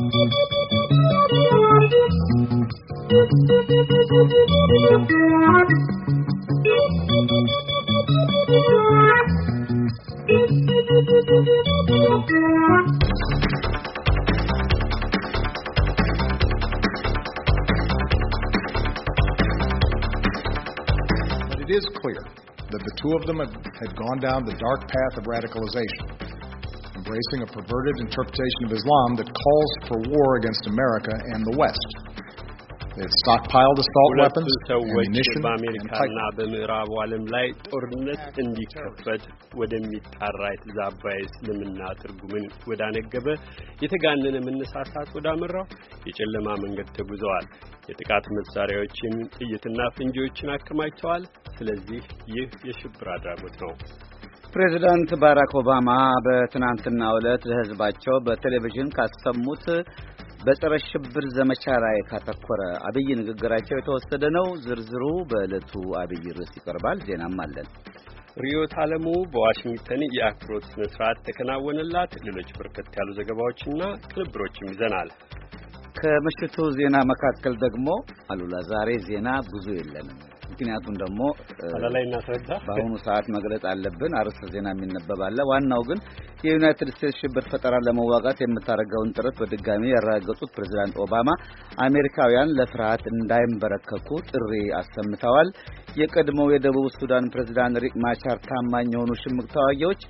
But it is clear that the two of them had gone down the dark path of radicalization embracing a perverted interpretation of Islam that calls for war against America and the West. They've stockpiled assault weapons, ammunition, and pipe. የጥቃት መሳሪያዎችን ጥይትና አከማችተዋል። ስለዚህ ይህ የሽብር አድራጎት ነው። ፕሬዚዳንት ባራክ ኦባማ በትናንትናው ዕለት ለሕዝባቸው በቴሌቪዥን ካሰሙት በጸረ ሽብር ዘመቻ ላይ ካተኮረ አብይ ንግግራቸው የተወሰደ ነው። ዝርዝሩ በዕለቱ አብይ ርዕስ ይቀርባል። ዜናም አለን። ሪዮት አለሙ በዋሽንግተን የአክብሮት ስነ ስርዓት ተከናወነላት። ሌሎች በርከት ያሉ ዘገባዎችና ቅንብሮችም ይዘናል። ከምሽቱ ዜና መካከል ደግሞ አሉላ ዛሬ ዜና ብዙ የለንም ምክንያቱን ደግሞ ላይ እናስረዳ በአሁኑ ሰዓት መግለጽ አለብን። አርዕስተ ዜና የሚነበብ አለ። ዋናው ግን የዩናይትድ ስቴትስ ሽብር ፈጠራ ለመዋጋት የምታደርገውን ጥረት በድጋሚ ያረጋገጡት ፕሬዚዳንት ኦባማ አሜሪካውያን ለፍርሃት እንዳይንበረከኩ ጥሪ አሰምተዋል። የቀድሞው የደቡብ ሱዳን ፕሬዚዳንት ሪክ ማቻር ታማኝ የሆኑ ሽምቅ ተዋጊዎች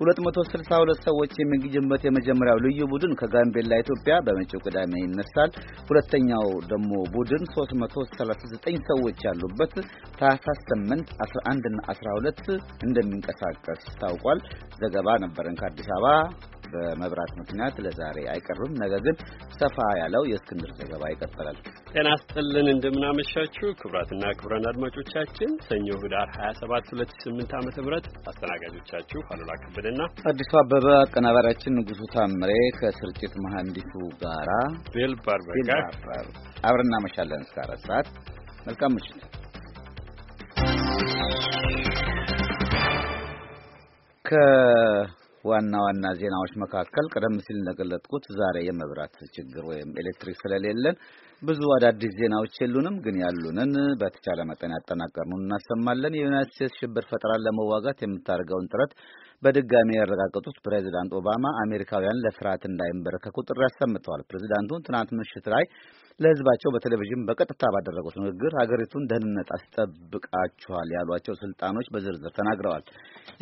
262 ሰዎች የሚገኙበት የመጀመሪያው ልዩ ቡድን ከጋምቤላ ኢትዮጵያ በመጪው ቅዳሜ ይነሳል። ሁለተኛው ደግሞ ቡድን 339 ሰዎች ያሉበት ታህሳስ 8፣ 11 እና 12 እንደሚንቀሳቀስ ታውቋል። ዘገባ ነበረን ከአዲስ አበባ በመብራት ምክንያት ለዛሬ አይቀርብም። ነገር ግን ሰፋ ያለው የእስክንድር ዘገባ ይቀጥላል። ጤና ስጥልን፣ እንደምናመሻችሁ ክቡራትና ክቡራን አድማጮቻችን ሰኞ ህዳር 27 2008 ዓ ም አስተናጋጆቻችሁ አሉላ ከበደና አዲሱ አበበ አቀናባሪያችን ንጉሱ ታምሬ ከስርጭት መሐንዲሱ ጋራ ቤል ባርበር አብረን እናመሻለን እስከ አራት ሰዓት። መልካም ምሽት። ከ ዋና ዋና ዜናዎች መካከል ቀደም ሲል እንደገለጥኩት ዛሬ የመብራት ችግር ወይም ኤሌክትሪክ ስለሌለን ብዙ አዳዲስ ዜናዎች የሉንም። ግን ያሉንን በተቻለ መጠን ያጠናቀርነውን እናሰማለን። የዩናይት ስቴትስ ሽብር ፈጠራን ለመዋጋት የምታደርገውን ጥረት በድጋሚ ያረጋገጡት ፕሬዚዳንት ኦባማ አሜሪካውያን ለፍርሃት እንዳይንበረከኩ ጥሪ አሰምተዋል። ፕሬዚዳንቱን ትናንት ምሽት ላይ ለህዝባቸው በቴሌቪዥን በቀጥታ ባደረጉት ንግግር ሀገሪቱን ደህንነት አስጠብቃችኋል ያሏቸው ስልጣኖች በዝርዝር ተናግረዋል።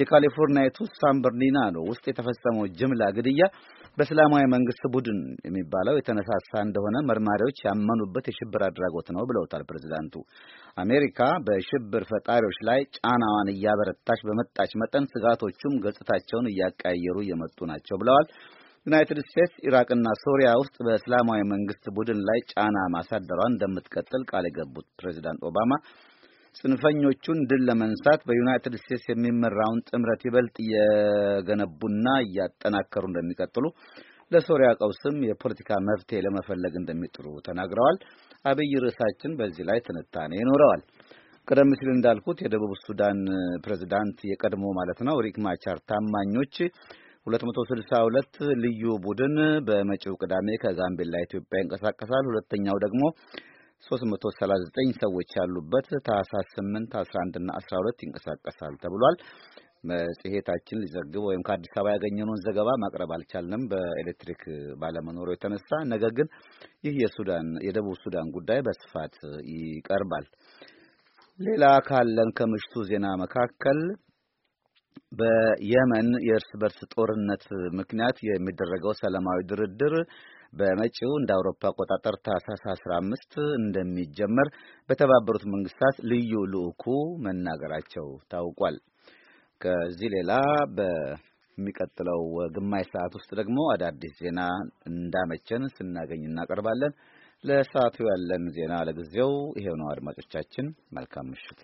የካሊፎርኒያዊቱ ሳን በርናርዲኖ ውስጥ የተፈጸመው ጅምላ ግድያ በእስላማዊ መንግስት ቡድን የሚባለው የተነሳሳ እንደሆነ መርማሪዎች ያመኑበት የሽብር አድራጎት ነው ብለውታል ፕሬዚዳንቱ። አሜሪካ በሽብር ፈጣሪዎች ላይ ጫናዋን እያበረታች በመጣች መጠን ስጋቶቹም ገጽታቸውን እያቀያየሩ እየመጡ ናቸው ብለዋል። ዩናይትድ ስቴትስ ኢራቅና ሶሪያ ውስጥ በእስላማዊ መንግስት ቡድን ላይ ጫና ማሳደሯን እንደምትቀጥል ቃል የገቡት ፕሬዚዳንት ኦባማ ጽንፈኞቹን ድል ለመንሳት በዩናይትድ ስቴትስ የሚመራውን ጥምረት ይበልጥ እየገነቡና እያጠናከሩ እንደሚቀጥሉ፣ ለሶሪያ ቀውስም የፖለቲካ መፍትሄ ለመፈለግ እንደሚጥሩ ተናግረዋል። አብይ ርዕሳችን በዚህ ላይ ትንታኔ ይኖረዋል። ቀደም ሲል እንዳልኩት የደቡብ ሱዳን ፕሬዚዳንት የቀድሞ ማለት ነው ሪክ ማቻር ታማኞች 262 ልዩ ቡድን በመጪው ቅዳሜ ከጋምቤላ ኢትዮጵያ ይንቀሳቀሳል። ሁለተኛው ደግሞ 339 ሰዎች ያሉበት ታህሳስ 8፣ 11 እና 12 ይንቀሳቀሳል ተብሏል። መጽሔታችን ሊዘግብ ወይም ከአዲስ አበባ ያገኘነውን ዘገባ ማቅረብ አልቻልንም በኤሌክትሪክ ባለመኖሩ የተነሳ። ነገር ግን ይህ የሱዳን የደቡብ ሱዳን ጉዳይ በስፋት ይቀርባል። ሌላ ካለን ከምሽቱ ዜና መካከል በየመን የእርስ በርስ ጦርነት ምክንያት የሚደረገው ሰላማዊ ድርድር በመጪው እንደ አውሮፓ አቆጣጠር ታህሳስ 15 እንደሚጀመር በተባበሩት መንግስታት ልዩ ልዑኩ መናገራቸው ታውቋል። ከዚህ ሌላ በሚቀጥለው ግማሽ ሰዓት ውስጥ ደግሞ አዳዲስ ዜና እንዳመቸን ስናገኝ እናቀርባለን። ለሰዓቱ ያለን ዜና ለጊዜው ይሄው ነው። አድማጮቻችን መልካም ምሽት።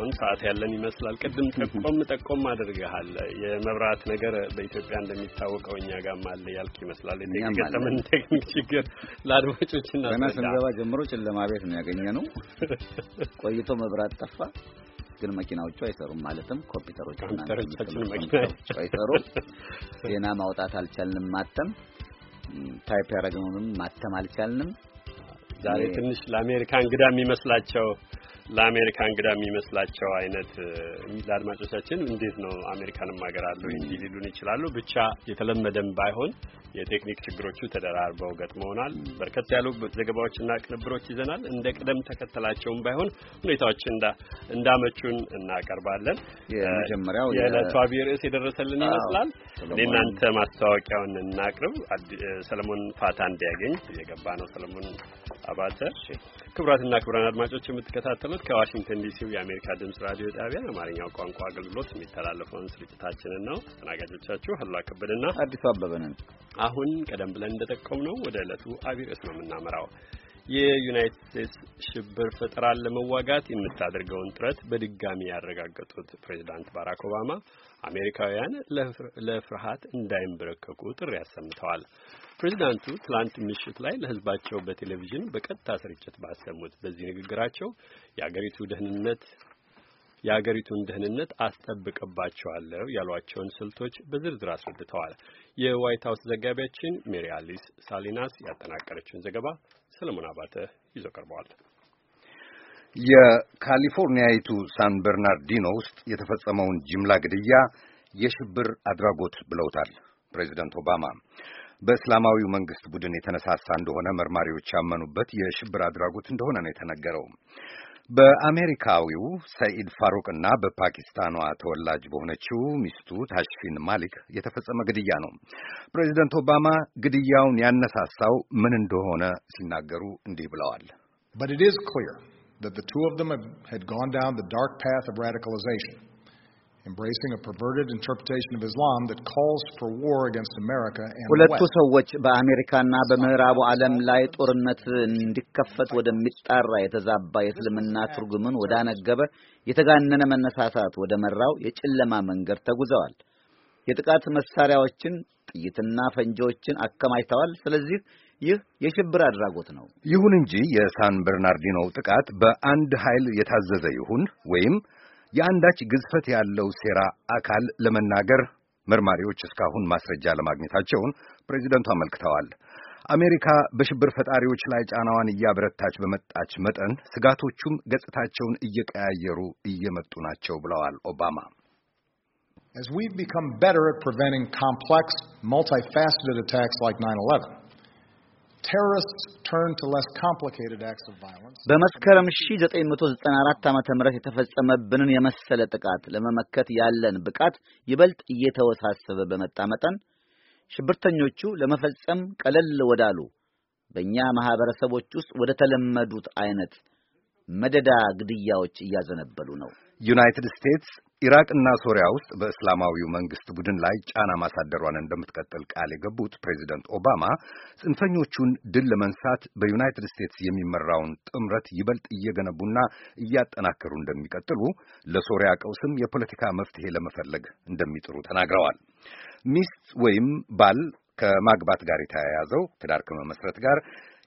አሁን ሰዓት ያለን ይመስላል። ቅድም ጠቆም ጠቆም አድርገሃል። የመብራት ነገር በኢትዮጵያ እንደሚታወቀው እኛ ጋርም አለ ያልክ ይመስላል። የተገጠመን ቴክኒክ ችግር ለአድማጮች እና ገና ስንገባ ጀምሮ ጨለማ ቤት ነው ያገኘ ነው። ቆይቶ መብራት ጠፋ፣ ግን መኪናዎቹ አይሰሩም። ማለትም ኮምፒውተሮቻችን መኪናዎቹ አይሰሩም። ዜና ማውጣት አልቻልንም። ማተም ታይፕ ያደረግነውንም ማተም አልቻልንም። ዛሬ ትንሽ ለአሜሪካ እንግዳ የሚመስላቸው ለአሜሪካ እንግዳ የሚመስላቸው አይነት ለአድማጮቻችን እንዴት ነው አሜሪካንም ሀገር አለው እንዲ ሊሉን ይችላሉ። ብቻ የተለመደም ባይሆን የቴክኒክ ችግሮቹ ተደራርበው ገጥመውናል። በርከት ያሉ ዘገባዎችና ቅንብሮች ይዘናል። እንደ ቅደም ተከተላቸውም ባይሆን ሁኔታዎች እንዳመቹን እናቀርባለን። የመጀመሪያው የዕለቱ አብይ ርዕስ የደረሰልን ይመስላል። እናንተ ማስታወቂያውን እናቅርብ። ሰለሞን ፋታ እንዲያገኝ የገባ ነው። ሰለሞን አባተ ክቡራትና ክቡራን አድማጮች የምትከታተሉት ከዋሽንግተን ዲሲው የአሜሪካ ድምጽ ራዲዮ ጣቢያ አማርኛው ቋንቋ አገልግሎት የሚተላለፈውን ስርጭታችንን ነው። አስተናጋጆቻችሁ አሉላ ከበደና አዲሱ አበበ ነን። አሁን ቀደም ብለን እንደጠቆም ነው ወደ ዕለቱ አብይ ርዕስ ነው የምናመራው። የዩናይትድ ስቴትስ ሽብር ፈጠራን ለመዋጋት የምታደርገውን ጥረት በድጋሚ ያረጋገጡት ፕሬዚዳንት ባራክ ኦባማ አሜሪካውያን ለፍርሃት እንዳይንበረከኩ ጥሪ አሰምተዋል። ፕሬዚዳንቱ ትላንት ምሽት ላይ ለሕዝባቸው በቴሌቪዥን በቀጥታ ስርጭት ባሰሙት በዚህ ንግግራቸው የአገሪቱ ደህንነት የአገሪቱን ደህንነት አስጠብቅባቸዋለሁ ያሏቸውን ስልቶች በዝርዝር አስረድተዋል። የዋይት ሀውስ ዘጋቢያችን ሜሪ አሊስ ሳሊናስ ያጠናቀረችውን ዘገባ ሰለሞን አባተ ይዞ ቀርበዋል። የካሊፎርኒያይቱ ሳን በርናርዲኖ ውስጥ የተፈጸመውን ጅምላ ግድያ የሽብር አድራጎት ብለውታል ፕሬዚደንት ኦባማ። በእስላማዊው መንግስት ቡድን የተነሳሳ እንደሆነ መርማሪዎች ያመኑበት የሽብር አድራጎት እንደሆነ ነው የተነገረው። በአሜሪካዊው ሰኢድ ፋሩቅና በፓኪስታኗ ተወላጅ በሆነችው ሚስቱ ታሽፊን ማሊክ የተፈጸመ ግድያ ነው። ፕሬዚደንት ኦባማ ግድያውን ያነሳሳው ምን እንደሆነ ሲናገሩ እንዲህ ብለዋል። But it is clear that the two of them had gone down the dark path of radicalization, embracing a perverted interpretation of Islam that calls for war against America and ሁለቱ ሰዎች በአሜሪካና በምዕራቡ ዓለም ላይ ጦርነት እንዲከፈት ወደሚጣራ የተዛባ የእስልምና ትርጉምን ወዳነገበ የተጋነነ መነሳሳት ወደ መራው የጨለማ መንገድ ተጉዘዋል። የጥቃት መሳሪያዎችን ጥይትና ፈንጂዎችን አከማችተዋል። ስለዚህ ይህ የሽብር አድራጎት ነው። ይሁን እንጂ የሳን በርናርዲኖው ጥቃት በአንድ ኃይል የታዘዘ ይሁን ወይም የአንዳች ግዝፈት ያለው ሴራ አካል ለመናገር መርማሪዎች እስካሁን ማስረጃ ለማግኘታቸውን ፕሬዚደንቱ አመልክተዋል። አሜሪካ በሽብር ፈጣሪዎች ላይ ጫናዋን እያበረታች በመጣች መጠን ስጋቶቹም ገጽታቸውን እየቀያየሩ እየመጡ ናቸው ብለዋል ኦባማ። As we've become better at preventing complex, multifaceted attacks like 9/11, በመስከረም 1994 ዓመተ ምህረት የተፈጸመብንን የመሰለ ጥቃት ለመመከት ያለን ብቃት ይበልጥ እየተወሳሰበ በመጣ መጠን ሽብርተኞቹ ለመፈጸም ቀለል ወዳሉ በእኛ ማህበረሰቦች ውስጥ ወደ ተለመዱት አይነት መደዳ ግድያዎች እያዘነበሉ ነው። ዩናይትድ ስቴትስ ኢራቅና ሶሪያ ውስጥ በእስላማዊው መንግስት ቡድን ላይ ጫና ማሳደሯን እንደምትቀጥል ቃል የገቡት ፕሬዚደንት ኦባማ ጽንፈኞቹን ድል ለመንሳት በዩናይትድ ስቴትስ የሚመራውን ጥምረት ይበልጥ እየገነቡና እያጠናከሩ እንደሚቀጥሉ፣ ለሶሪያ ቀውስም የፖለቲካ መፍትሄ ለመፈለግ እንደሚጥሩ ተናግረዋል። ሚስት ወይም ባል ከማግባት ጋር የተያያዘው ትዳር ከመመስረት ጋር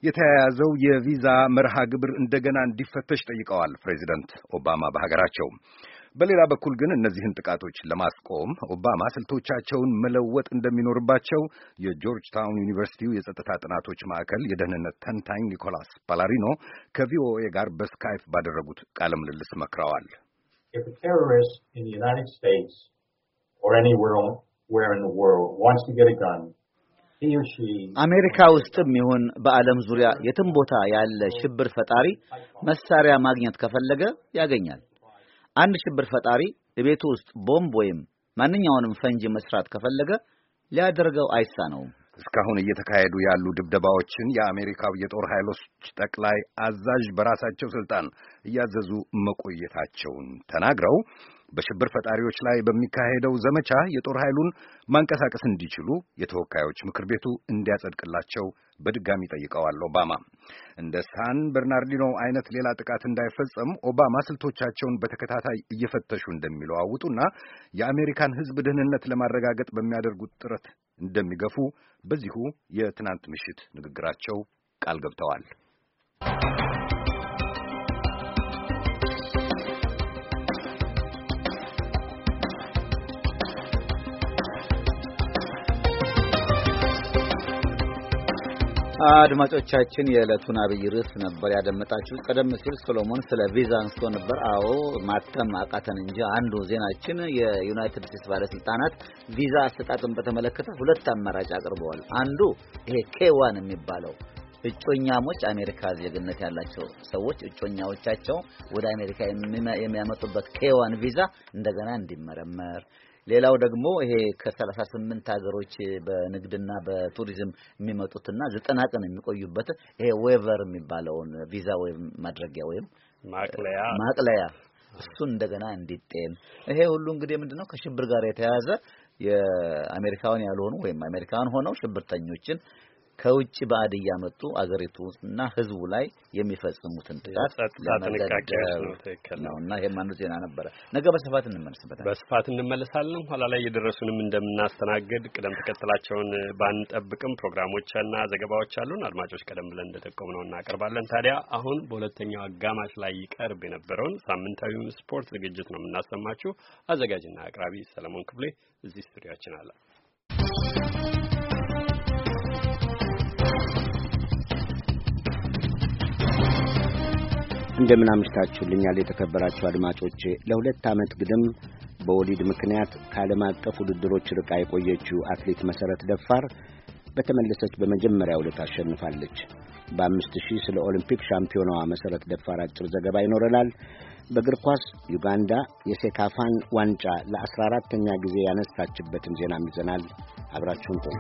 የተያያዘው የቪዛ መርሃ ግብር እንደገና እንዲፈተሽ ጠይቀዋል ፕሬዚደንት ኦባማ በሀገራቸው በሌላ በኩል ግን እነዚህን ጥቃቶች ለማስቆም ኦባማ ስልቶቻቸውን መለወጥ እንደሚኖርባቸው የጆርጅ ታውን ዩኒቨርሲቲው የጸጥታ ጥናቶች ማዕከል የደህንነት ተንታኝ ኒኮላስ ፓላሪኖ ከቪኦኤ ጋር በስካይፕ ባደረጉት ቃለ ምልልስ መክረዋል። አሜሪካ ውስጥም ይሁን በዓለም ዙሪያ የትም ቦታ ያለ ሽብር ፈጣሪ መሳሪያ ማግኘት ከፈለገ ያገኛል። አንድ ሽብር ፈጣሪ ቤቱ ውስጥ ቦምብ ወይም ማንኛውንም ፈንጂ መስራት ከፈለገ ሊያደርገው አይሳነውም። እስካሁን እየተካሄዱ ያሉ ድብደባዎችን የአሜሪካው የጦር ኃይሎች ጠቅላይ አዛዥ በራሳቸው ስልጣን እያዘዙ መቆየታቸውን ተናግረው በሽብር ፈጣሪዎች ላይ በሚካሄደው ዘመቻ የጦር ኃይሉን ማንቀሳቀስ እንዲችሉ የተወካዮች ምክር ቤቱ እንዲያጸድቅላቸው በድጋሚ ጠይቀዋል። ኦባማ እንደ ሳን በርናርዲኖ አይነት ሌላ ጥቃት እንዳይፈጸም ኦባማ ስልቶቻቸውን በተከታታይ እየፈተሹ እንደሚለዋውጡና የአሜሪካን ሕዝብ ደህንነት ለማረጋገጥ በሚያደርጉት ጥረት እንደሚገፉ በዚሁ የትናንት ምሽት ንግግራቸው ቃል ገብተዋል። አድማጮቻችን የዕለቱን አብይ ርዕስ ነበር ያደመጣችሁ። ቀደም ሲል ሶሎሞን ስለ ቪዛ አንስቶ ነበር። አዎ ማተም አቃተን እንጂ አንዱ ዜናችን የዩናይትድ ስቴትስ ባለስልጣናት ቪዛ አሰጣጥን በተመለከተ ሁለት አማራጭ አቅርበዋል። አንዱ ይሄ ኬዋን የሚባለው እጮኛሞች አሜሪካ ዜግነት ያላቸው ሰዎች እጮኛዎቻቸው ወደ አሜሪካ የሚያመጡበት ኬዋን ቪዛ እንደገና እንዲመረመር ሌላው ደግሞ ይሄ ከሰላሳ ስምንት ሀገሮች በንግድና በቱሪዝም የሚመጡትና ዘጠና ቀን የሚቆዩበት ይሄ ዌቨር የሚባለውን ቪዛ ወይም ማድረጊያ ወይም ማቅለያ ማቅለያ እሱን እንደገና እንዲጤን ይሄ ሁሉ እንግዲህ ምንድነው ከሽብር ጋር የተያያዘ የአሜሪካውን ያልሆኑ ወይም አሜሪካውያን ሆነው ሽብርተኞችን ከውጭ ባዕድ እያመጡ አገሪቱ እና ህዝቡ ላይ የሚፈጽሙትን ጥቃት ለመገደብ ነው እና ይሄም አንዱ ዜና ነበረ። ነገ በስፋት እንመለስበታለን። በስፋት እንመለሳለን። ኋላ ላይ የደረሱንም እንደምናስተናግድ ቅደም ተከተላቸውን ባንጠብቅም ፕሮግራሞችና ዘገባዎች አሉን። አድማጮች ቀደም ብለን ነው እናቀርባለን። ታዲያ አሁን በሁለተኛው አጋማሽ ላይ ይቀርብ የነበረውን ሳምንታዊ ስፖርት ዝግጅት ነው የምናሰማችሁ። አዘጋጅና አቅራቢ ሰለሞን ክፍሌ እዚህ ስቱዲያችን አለ። እንደምን አምሽታችሁልኛል የተከበራችሁ አድማጮቼ። ለሁለት ዓመት ግድም በወሊድ ምክንያት ከዓለም አቀፍ ውድድሮች ርቃ የቆየችው አትሌት መሠረት ደፋር በተመለሰች በመጀመሪያ ዕለት አሸንፋለች። በአምስት ሺህ ስለ ኦሊምፒክ ሻምፒዮናዋ መሠረት ደፋር አጭር ዘገባ ይኖረናል። በእግር ኳስ ዩጋንዳ የሴካፋን ዋንጫ ለአስራ አራተኛ ጊዜ ያነሳችበትን ዜናም ይዘናል። አብራችሁን ቆዩ።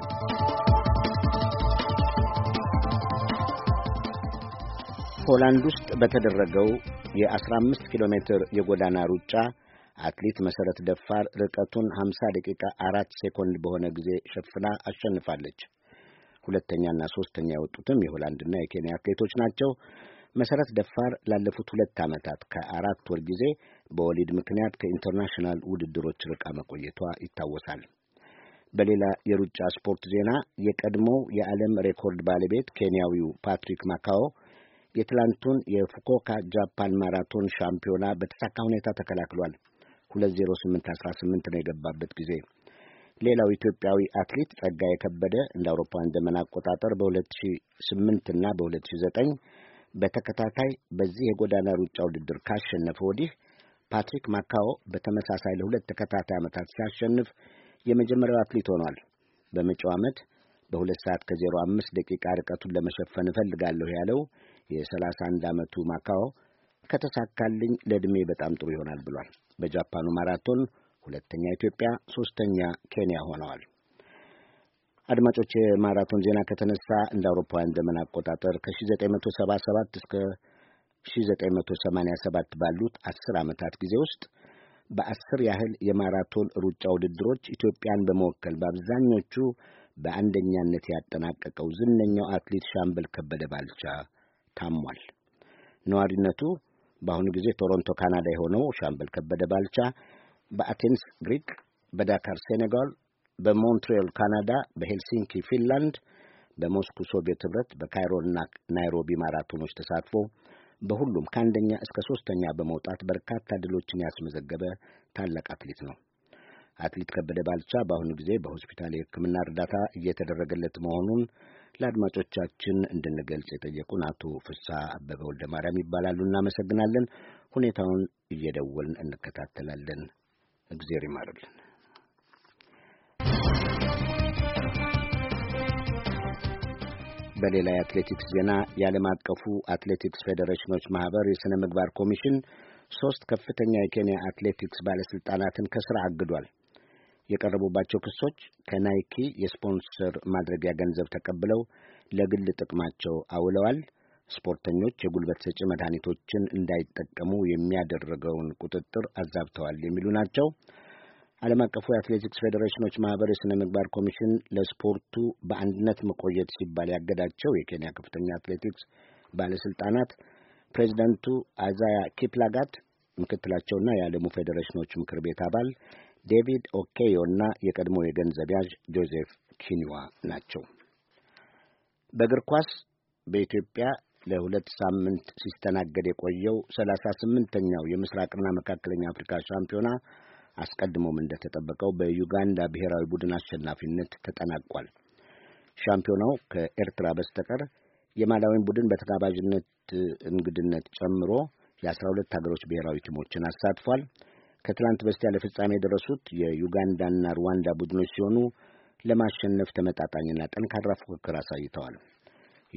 ሆላንድ ውስጥ በተደረገው የ15 ኪሎ ሜትር የጎዳና ሩጫ አትሌት መሰረት ደፋር ርቀቱን 50 ደቂቃ 4 ሴኮንድ በሆነ ጊዜ ሸፍና አሸንፋለች። ሁለተኛና ሦስተኛ የወጡትም የሆላንድና የኬንያ አትሌቶች ናቸው። መሰረት ደፋር ላለፉት ሁለት ዓመታት ከአራት ወር ጊዜ በወሊድ ምክንያት ከኢንተርናሽናል ውድድሮች ርቃ መቆየቷ ይታወሳል። በሌላ የሩጫ ስፖርት ዜና የቀድሞው የዓለም ሬኮርድ ባለቤት ኬንያዊው ፓትሪክ ማካኦ የትላንቱን የፉኮካ ጃፓን ማራቶን ሻምፒዮና በተሳካ ሁኔታ ተከላክሏል። 20818 ነው የገባበት ጊዜ። ሌላው ኢትዮጵያዊ አትሌት ጸጋ የከበደ እንደ አውሮፓውያን ዘመን አቆጣጠር በ2008 እና በ2009 በተከታታይ በዚህ የጎዳና ሩጫ ውድድር ካሸነፈ ወዲህ ፓትሪክ ማካኦ በተመሳሳይ ለሁለት ተከታታይ ዓመታት ሲያሸንፍ የመጀመሪያው አትሌት ሆኗል። በመጪው ዓመት በሁለት ሰዓት ከዜሮ አምስት ደቂቃ ርቀቱን ለመሸፈን እፈልጋለሁ ያለው የሰላሳ አንድ ዓመቱ ማካዎ ከተሳካልኝ ለዕድሜ በጣም ጥሩ ይሆናል ብሏል። በጃፓኑ ማራቶን ሁለተኛ ኢትዮጵያ፣ ሶስተኛ ኬንያ ሆነዋል። አድማጮች፣ የማራቶን ዜና ከተነሳ እንደ አውሮፓውያን ዘመን አቆጣጠር ከ1977 እስከ 1987 ባሉት አስር ዓመታት ጊዜ ውስጥ በአስር ያህል የማራቶን ሩጫ ውድድሮች ኢትዮጵያን በመወከል በአብዛኞቹ በአንደኛነት ያጠናቀቀው ዝነኛው አትሌት ሻምበል ከበደ ባልቻ ታሟል። ነዋሪነቱ በአሁኑ ጊዜ ቶሮንቶ ካናዳ የሆነው ሻምበል ከበደ ባልቻ በአቴንስ ግሪክ፣ በዳካር ሴኔጋል፣ በሞንትሪያል ካናዳ፣ በሄልሲንኪ ፊንላንድ፣ በሞስኩ ሶቪየት ኅብረት፣ በካይሮና ናይሮቢ ማራቶኖች ተሳትፎ በሁሉም ከአንደኛ እስከ ሦስተኛ በመውጣት በርካታ ድሎችን ያስመዘገበ ታላቅ አትሌት ነው። አትሌት ከበደ ባልቻ በአሁኑ ጊዜ በሆስፒታል የሕክምና እርዳታ እየተደረገለት መሆኑን ለአድማጮቻችን እንድንገልጽ የጠየቁን አቶ ፍሳ አበበ ወልደ ማርያም ይባላሉ። እናመሰግናለን። ሁኔታውን እየደወልን እንከታተላለን። እግዜር ይማርልን። በሌላ የአትሌቲክስ ዜና የዓለም አቀፉ አትሌቲክስ ፌዴሬሽኖች ማኅበር የሥነ ምግባር ኮሚሽን ሦስት ከፍተኛ የኬንያ አትሌቲክስ ባለሥልጣናትን ከሥራ አግዷል። የቀረቡባቸው ክሶች ከናይኪ የስፖንሰር ማድረጊያ ገንዘብ ተቀብለው ለግል ጥቅማቸው አውለዋል፣ ስፖርተኞች የጉልበት ሰጪ መድኃኒቶችን እንዳይጠቀሙ የሚያደረገውን ቁጥጥር አዛብተዋል የሚሉ ናቸው። ዓለም አቀፉ የአትሌቲክስ ፌዴሬሽኖች ማኅበር የሥነ ምግባር ኮሚሽን ለስፖርቱ በአንድነት መቆየት ሲባል ያገዳቸው የኬንያ ከፍተኛ አትሌቲክስ ባለሥልጣናት ፕሬዚዳንቱ አዛያ ኪፕላጋት ምክትላቸውና የዓለሙ ፌዴሬሽኖች ምክር ቤት አባል ዴቪድ ኦኬዮ እና የቀድሞ የገንዘብ ያዥ ጆዜፍ ኪኒዋ ናቸው። በእግር ኳስ በኢትዮጵያ ለሁለት ሳምንት ሲስተናገድ የቆየው ሰላሳ ስምንተኛው የምስራቅና መካከለኛ አፍሪካ ሻምፒዮና አስቀድሞም እንደተጠበቀው በዩጋንዳ ብሔራዊ ቡድን አሸናፊነት ተጠናቋል። ሻምፒዮናው ከኤርትራ በስተቀር የማላዊን ቡድን በተጋባዥነት እንግድነት ጨምሮ የአስራ ሁለት ሀገሮች ብሔራዊ ቲሞችን አሳትፏል። ከትላንት በስቲያ ለፍጻሜ የደረሱት የዩጋንዳና ሩዋንዳ ቡድኖች ሲሆኑ ለማሸነፍ ተመጣጣኝና ጠንካራ ፉክክር አሳይተዋል።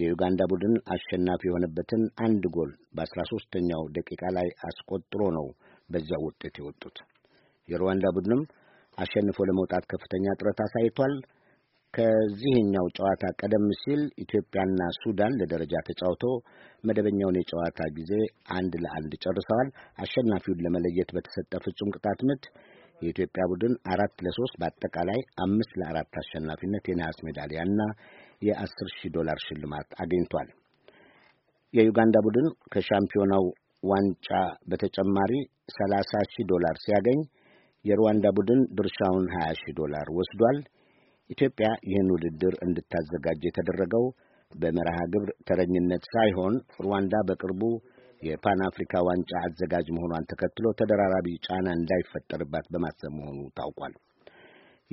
የዩጋንዳ ቡድን አሸናፊ የሆነበትን አንድ ጎል በአስራ ሦስተኛው ደቂቃ ላይ አስቆጥሮ ነው በዚያው ውጤት የወጡት። የሩዋንዳ ቡድንም አሸንፎ ለመውጣት ከፍተኛ ጥረት አሳይቷል። ከዚህኛው ጨዋታ ቀደም ሲል ኢትዮጵያና ሱዳን ለደረጃ ተጫውተው መደበኛውን የጨዋታ ጊዜ አንድ ለአንድ ጨርሰዋል። አሸናፊውን ለመለየት በተሰጠ ፍጹም ቅጣት ምት የኢትዮጵያ ቡድን አራት ለሶስት በአጠቃላይ አምስት ለአራት አሸናፊነት የነሐስ ሜዳሊያና የአስር ሺህ ዶላር ሽልማት አግኝቷል። የዩጋንዳ ቡድን ከሻምፒዮናው ዋንጫ በተጨማሪ ሰላሳ ሺህ ዶላር ሲያገኝ የሩዋንዳ ቡድን ድርሻውን ሀያ ሺህ ዶላር ወስዷል። ኢትዮጵያ ይህን ውድድር እንድታዘጋጅ የተደረገው በመርሃ ግብር ተረኝነት ሳይሆን ሩዋንዳ በቅርቡ የፓን አፍሪካ ዋንጫ አዘጋጅ መሆኗን ተከትሎ ተደራራቢ ጫና እንዳይፈጠርባት በማሰብ መሆኑ ታውቋል።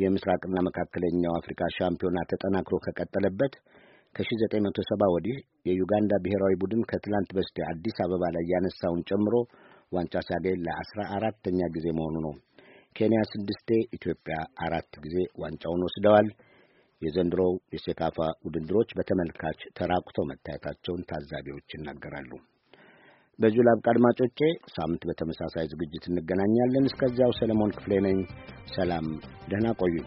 የምስራቅና መካከለኛው አፍሪካ ሻምፒዮና ተጠናክሮ ከቀጠለበት ከ1970 ወዲህ የዩጋንዳ ብሔራዊ ቡድን ከትላንት በስቲያ አዲስ አበባ ላይ ያነሳውን ጨምሮ ዋንጫ ሲያገኝ ለአስራ አራተኛ ጊዜ መሆኑ ነው። ኬንያ ስድስቴ፣ ኢትዮጵያ አራት ጊዜ ዋንጫውን ወስደዋል። የዘንድሮው የሴካፋ ውድድሮች በተመልካች ተራቁተው መታየታቸውን ታዛቢዎች ይናገራሉ። በዚሁ ላብቃ አድማጮቼ። ሳምንት በተመሳሳይ ዝግጅት እንገናኛለን። እስከዚያው ሰለሞን ክፍሌ ነኝ። ሰላም፣ ደህና ቆዩ።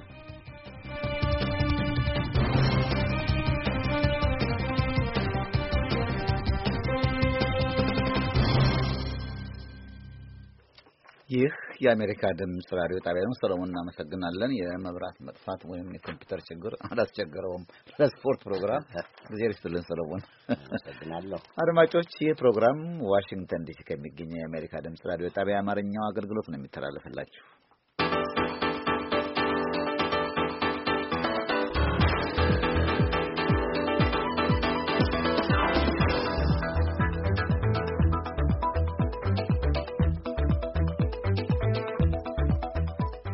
ይህ የአሜሪካ ድምፅ ራዲዮ ጣቢያ ነው። ሰለሞን እናመሰግናለን። የመብራት መጥፋት ወይም የኮምፒውተር ችግር አላስቸገረውም። ለስፖርት ፕሮግራም ጊዜ ርስትልን ሰለሞን አመሰግናለሁ። አድማጮች፣ ይህ ፕሮግራም ዋሽንግተን ዲሲ ከሚገኘው የአሜሪካ ድምፅ ራዲዮ ጣቢያ አማርኛው አገልግሎት ነው የሚተላለፍላችሁ።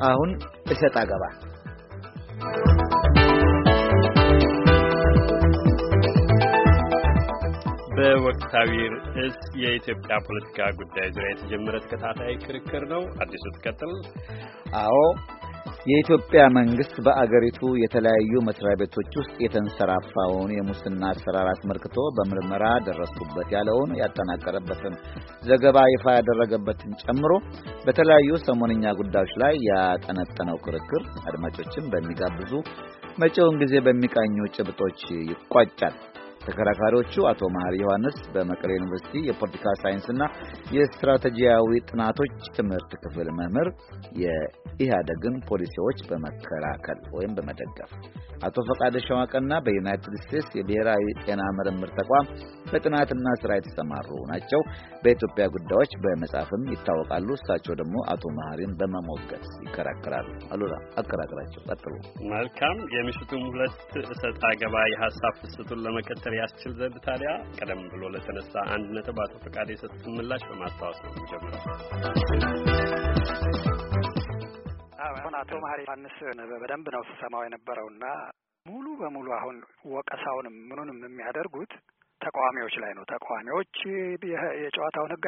አሁን እሰጥ አገባ በወቅታዊ ርዕስ የኢትዮጵያ ፖለቲካ ጉዳይ ዙሪያ የተጀመረ ተከታታይ ክርክር ነው። አዲሱ ትቀጥል። አዎ የኢትዮጵያ መንግስት በአገሪቱ የተለያዩ መስሪያ ቤቶች ውስጥ የተንሰራፋውን የሙስና አሰራር አስመልክቶ በምርመራ ደረሱበት ያለውን ያጠናቀረበትን ዘገባ ይፋ ያደረገበትን ጨምሮ በተለያዩ ሰሞንኛ ጉዳዮች ላይ ያጠነጠነው ክርክር አድማጮችን በሚጋብዙ መጪውን ጊዜ በሚቃኙ ጭብጦች ይቋጫል። ተከራካሪዎቹ አቶ መሀሪ ዮሐንስ በመቀሌ ዩኒቨርሲቲ የፖለቲካ ሳይንስና የስትራቴጂያዊ ጥናቶች ትምህርት ክፍል መምህር፣ የኢህአደግን ፖሊሲዎች በመከላከል ወይም በመደገፍ አቶ ፈቃደ ሸዋቀና በዩናይትድ ስቴትስ የብሔራዊ ጤና ምርምር ተቋም በጥናትና ስራ የተሰማሩ ናቸው። በኢትዮጵያ ጉዳዮች በመጻፍም ይታወቃሉ። እሳቸው ደግሞ አቶ መሀሪን በመሞገት ይከራከራሉ። አሉላ አከራከራቸው ቀጥሉ። መልካም የምሽቱም ሁለት እሰጥ አገባ የሀሳብ ፍሰቱን ለመቀጠል ለመከራከር ያስችል ዘንድ ታዲያ ቀደም ብሎ ለተነሳ አንድ ነጥብ አቶ ፈቃድ የሰጡትን ምላሽ በማስታወስ ነው የሚጀምረው። አሁን አቶ መሀሪ ዮሐንስ በደንብ ነው ስሰማው የነበረውና ሙሉ በሙሉ አሁን ወቀሳውንም ምኑንም የሚያደርጉት ተቃዋሚዎች ላይ ነው። ተቃዋሚዎች የጨዋታውን ህግ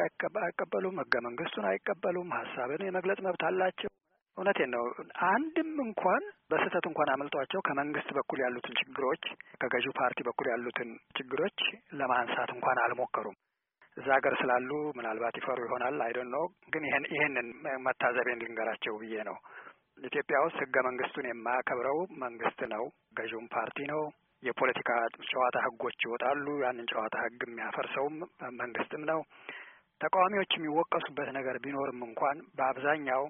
አይቀበሉም፣ ህገ መንግስቱን አይቀበሉም፣ ሀሳብን የመግለጽ መብት አላቸው። እውነቴን ነው። አንድም እንኳን በስህተት እንኳን አመልጧቸው ከመንግስት በኩል ያሉትን ችግሮች ከገዢው ፓርቲ በኩል ያሉትን ችግሮች ለማንሳት እንኳን አልሞከሩም። እዛ ሀገር ስላሉ ምናልባት ይፈሩ ይሆናል አይደን ነው። ግን ይህን ይህንን መታዘቤን ልንገራቸው ብዬ ነው። ኢትዮጵያ ውስጥ ህገ መንግስቱን የማያከብረው መንግስት ነው፣ ገዥውም ፓርቲ ነው። የፖለቲካ ጨዋታ ህጎች ይወጣሉ። ያንን ጨዋታ ህግ የሚያፈርሰውም መንግስትም ነው። ተቃዋሚዎች የሚወቀሱበት ነገር ቢኖርም እንኳን በአብዛኛው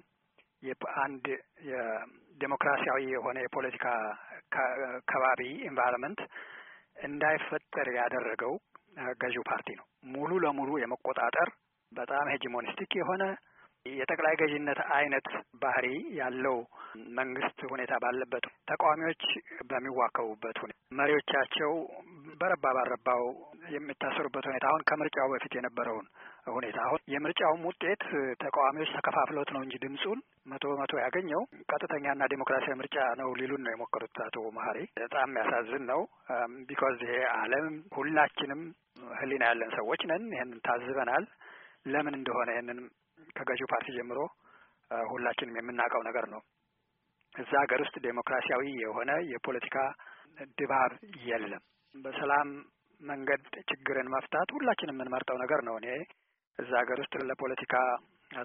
አንድ የዴሞክራሲያዊ የሆነ የፖለቲካ ከባቢ ኢንቫይሮንመንት እንዳይፈጠር ያደረገው ገዢው ፓርቲ ነው። ሙሉ ለሙሉ የመቆጣጠር በጣም ሄጂሞኒስቲክ የሆነ የጠቅላይ ገዥነት አይነት ባህሪ ያለው መንግስት ሁኔታ ባለበት ተቃዋሚዎች በሚዋከቡበት ሁኔታ መሪዎቻቸው በረባ ባረባው የሚታሰሩበት ሁኔታ አሁን ከምርጫው በፊት የነበረውን ሁኔታ አሁን የምርጫውም ውጤት ተቃዋሚዎች ተከፋፍሎት ነው እንጂ ድምፁን መቶ በመቶ ያገኘው ቀጥተኛና ዴሞክራሲያዊ ምርጫ ነው ሊሉን ነው የሞከሩት አቶ መሀሪ። በጣም የሚያሳዝን ነው። ቢኮዝ ይሄ ዓለም ሁላችንም ህሊና ያለን ሰዎች ነን። ይህንን ታዝበናል። ለምን እንደሆነ ይህንን ከገዢው ፓርቲ ጀምሮ ሁላችንም የምናውቀው ነገር ነው። እዛ ሀገር ውስጥ ዴሞክራሲያዊ የሆነ የፖለቲካ ድባብ የለም። በሰላም መንገድ ችግርን መፍታት ሁላችንም የምንመርጠው ነገር ነው። እኔ እዛ ሀገር ውስጥ ለፖለቲካ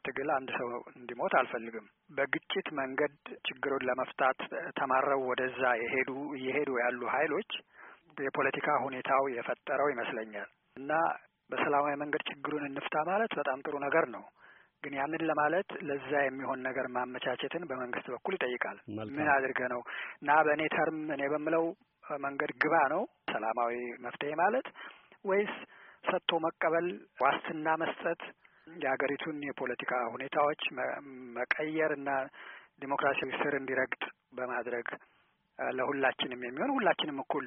ትግል አንድ ሰው እንዲሞት አልፈልግም። በግጭት መንገድ ችግሩን ለመፍታት ተማረው ወደዛ የሄዱ እየሄዱ ያሉ ሀይሎች የፖለቲካ ሁኔታው የፈጠረው ይመስለኛል እና በሰላማዊ መንገድ ችግሩን እንፍታ ማለት በጣም ጥሩ ነገር ነው። ግን ያንን ለማለት ለዛ የሚሆን ነገር ማመቻቸትን በመንግስት በኩል ይጠይቃል። ምን አድርገ ነው እና በእኔ ተርም እኔ በምለው መንገድ ግባ ነው ሰላማዊ መፍትሄ ማለት ወይስ ሰጥቶ መቀበል፣ ዋስትና መስጠት፣ የሀገሪቱን የፖለቲካ ሁኔታዎች መቀየር እና ዲሞክራሲያዊ ስር እንዲረግጥ በማድረግ ለሁላችንም የሚሆን ሁላችንም እኩል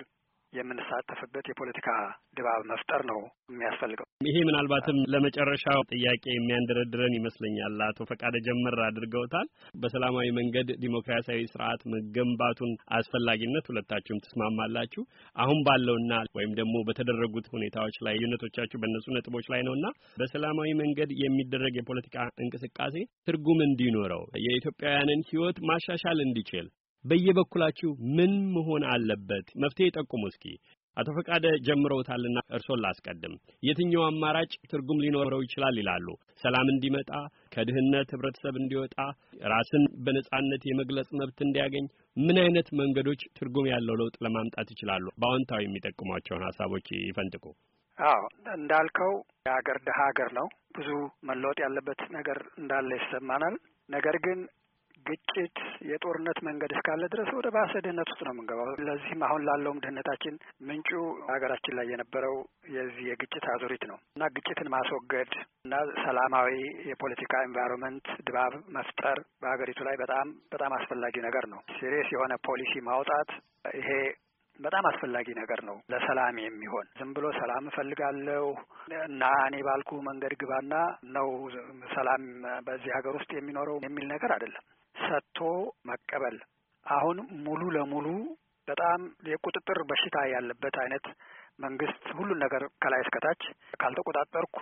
የምንሳተፍበት የፖለቲካ ድባብ መፍጠር ነው የሚያስፈልገው። ይሄ ምናልባትም ለመጨረሻው ጥያቄ የሚያንደረድረን ይመስለኛል። አቶ ፈቃደ ጀመር አድርገውታል። በሰላማዊ መንገድ ዲሞክራሲያዊ ስርዓት መገንባቱን አስፈላጊነት ሁለታችሁም ትስማማላችሁ። አሁን ባለውና ወይም ደግሞ በተደረጉት ሁኔታዎች ላይ ልዩነቶቻችሁ በእነሱ ነጥቦች ላይ ነውና በሰላማዊ መንገድ የሚደረግ የፖለቲካ እንቅስቃሴ ትርጉም እንዲኖረው የኢትዮጵያውያንን ሕይወት ማሻሻል እንዲችል በየበኩላችሁ ምን መሆን አለበት? መፍትሄ ጠቁሙ እስኪ። አቶ ፈቃደ ጀምረውታልና እርሶን ላስቀድም። የትኛው አማራጭ ትርጉም ሊኖረው ይችላል ይላሉ? ሰላም እንዲመጣ፣ ከድህነት ህብረተሰብ እንዲወጣ፣ ራስን በነጻነት የመግለጽ መብት እንዲያገኝ ምን አይነት መንገዶች ትርጉም ያለው ለውጥ ለማምጣት ይችላሉ? በአዎንታዊ የሚጠቁሟቸውን ሀሳቦች ይፈንጥቁ። አዎ እንዳልከው የሀገር ድሀ ሀገር ነው። ብዙ መለወጥ ያለበት ነገር እንዳለ ይሰማናል። ነገር ግን ግጭት፣ የጦርነት መንገድ እስካለ ድረስ ወደ ባሰ ድህነት ውስጥ ነው የምንገባው። ለዚህም አሁን ላለውም ድህነታችን ምንጩ ሀገራችን ላይ የነበረው የዚህ የግጭት አዙሪት ነው እና ግጭትን ማስወገድ እና ሰላማዊ የፖለቲካ ኤንቫይሮንመንት ድባብ መፍጠር በሀገሪቱ ላይ በጣም በጣም አስፈላጊ ነገር ነው። ሲሪየስ የሆነ ፖሊሲ ማውጣት ይሄ በጣም አስፈላጊ ነገር ነው ለሰላም የሚሆን ዝም ብሎ ሰላም እፈልጋለሁ እና እኔ ባልኩ መንገድ ግባና ነው ሰላም በዚህ ሀገር ውስጥ የሚኖረው የሚል ነገር አይደለም። ሰጥቶ መቀበል አሁን ሙሉ ለሙሉ በጣም የቁጥጥር በሽታ ያለበት አይነት መንግስት ሁሉን ነገር ከላይ እስከታች ካልተቆጣጠርኩ